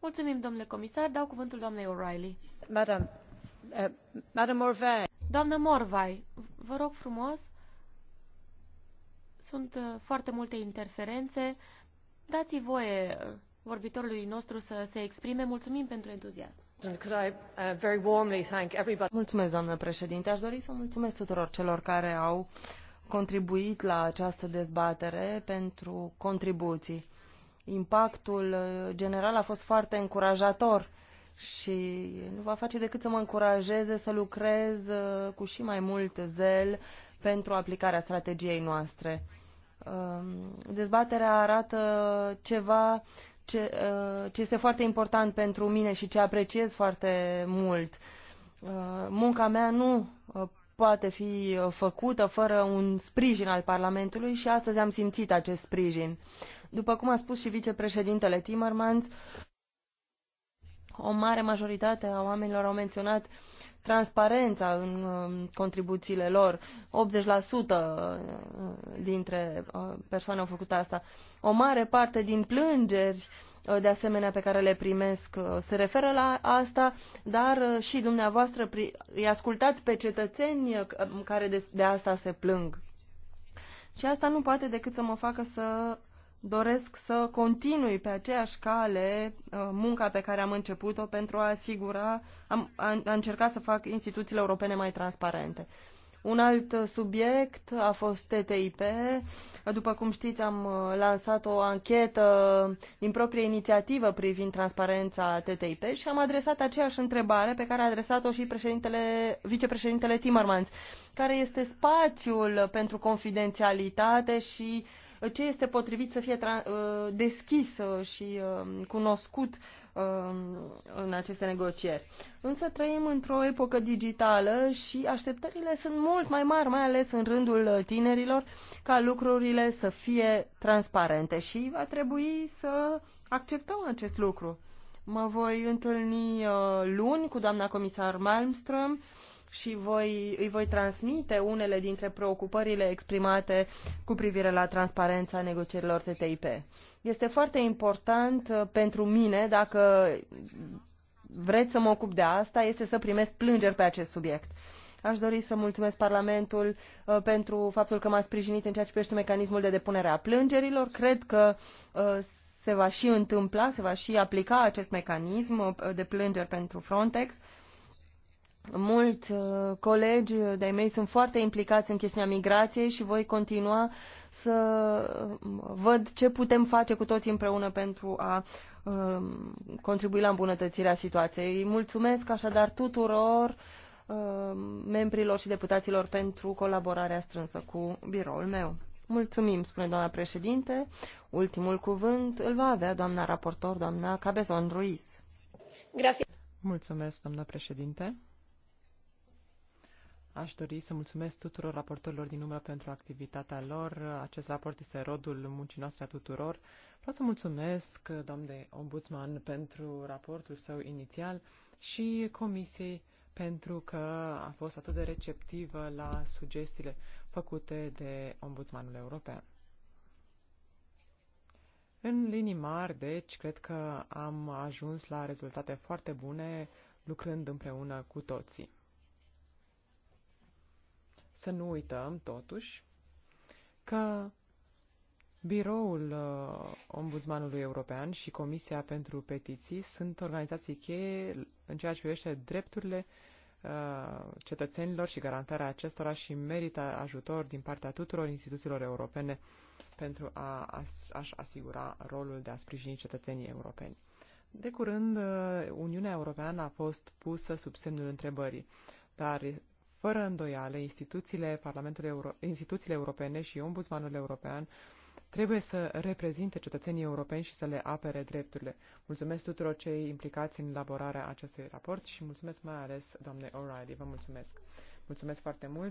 S2: Mulțumim, domnule comisar. Dau cuvântul doamnei O'Reilly. Madam, Uh, doamnă Morvai, vă rog frumos, sunt uh, foarte multe interferențe. Dați-i voie uh, vorbitorului nostru să se exprime. Mulțumim pentru entuziasm.
S1: Mulțumesc, doamnă președinte. Aș dori să mulțumesc tuturor celor care au contribuit la această dezbatere pentru contribuții. Impactul general a fost foarte încurajator și nu va face decât să mă încurajeze să lucrez uh, cu și mai mult zel pentru aplicarea strategiei noastre. Um, dezbaterea arată ceva ce, uh, ce este foarte important pentru mine și ce apreciez foarte mult. Uh, munca mea nu poate fi făcută fără un sprijin al Parlamentului și astăzi am simțit acest sprijin. După cum a spus și vicepreședintele Timmermans, o mare majoritate a oamenilor au menționat transparența în um, contribuțiile lor. 80% uh, dintre uh, persoane au făcut asta. O mare parte din plângeri uh, de asemenea pe care le primesc se referă la asta, dar și dumneavoastră îi ascultați pe cetățeni care de, de asta se plâng. Și asta nu poate decât să mă facă să doresc să continui pe aceeași cale uh, munca pe care am început-o pentru a asigura, am, a, a încerca să fac instituțiile europene mai transparente. Un alt subiect a fost TTIP. După cum știți, am uh, lansat o anchetă din proprie inițiativă privind transparența TTIP și am adresat aceeași întrebare pe care a adresat-o și președintele, vicepreședintele Timmermans. Care este spațiul pentru confidențialitate și uh, ce este potrivit să fie uh, deschis uh, și uh, cunoscut în aceste negocieri. Însă trăim într-o epocă digitală și așteptările sunt mult mai mari, mai ales în rândul tinerilor, ca lucrurile să fie transparente și va trebui să acceptăm acest lucru. Mă voi întâlni luni cu doamna comisar Malmström și voi, îi voi transmite unele dintre preocupările exprimate cu privire la transparența negocierilor TTIP. Este foarte important uh, pentru mine, dacă vreți să mă ocup de asta, este să primesc plângeri pe acest subiect. Aș dori să mulțumesc Parlamentul uh, pentru faptul că m-a sprijinit în ceea ce privește mecanismul de depunere a plângerilor. Cred că uh, se va și întâmpla, se va și aplica acest mecanism uh, de plângeri pentru Frontex. Uh, mult uh, colegi de-ai mei sunt foarte implicați în chestiunea migrației și voi continua să uh, văd ce putem face cu toți împreună pentru a um, contribui la îmbunătățirea situației. mulțumesc așadar tuturor um, membrilor și deputaților pentru colaborarea strânsă cu biroul meu. Mulțumim, spune doamna președinte. Ultimul cuvânt îl va avea doamna raportor, doamna Cabezon Ruiz.
S3: Grazie. Mulțumesc, doamna președinte. Aș dori să mulțumesc tuturor raportorilor din umbră pentru activitatea lor. Acest raport este rodul muncii noastre a tuturor. Vreau să mulțumesc doamnei ombudsman pentru raportul său inițial și comisiei pentru că a fost atât de receptivă la sugestiile făcute de ombudsmanul european. În linii mari, deci, cred că am ajuns la rezultate foarte bune lucrând împreună cu toții. Să nu uităm, totuși, că biroul uh, Ombudsmanului European și Comisia pentru Petiții sunt organizații cheie în ceea ce privește drepturile uh, cetățenilor și garantarea acestora și merită ajutor din partea tuturor instituțiilor europene pentru a, a-și asigura rolul de a sprijini cetățenii europeni. De curând, uh, Uniunea Europeană a fost pusă sub semnul întrebării, dar fără îndoială, instituțiile, Parlamentului Euro- instituțiile europene și Ombudsmanul European trebuie să reprezinte cetățenii europeni și să le apere drepturile. Mulțumesc tuturor cei implicați în elaborarea acestui raport și mulțumesc mai ales doamne O'Reilly. Vă mulțumesc! Mulțumesc foarte mult!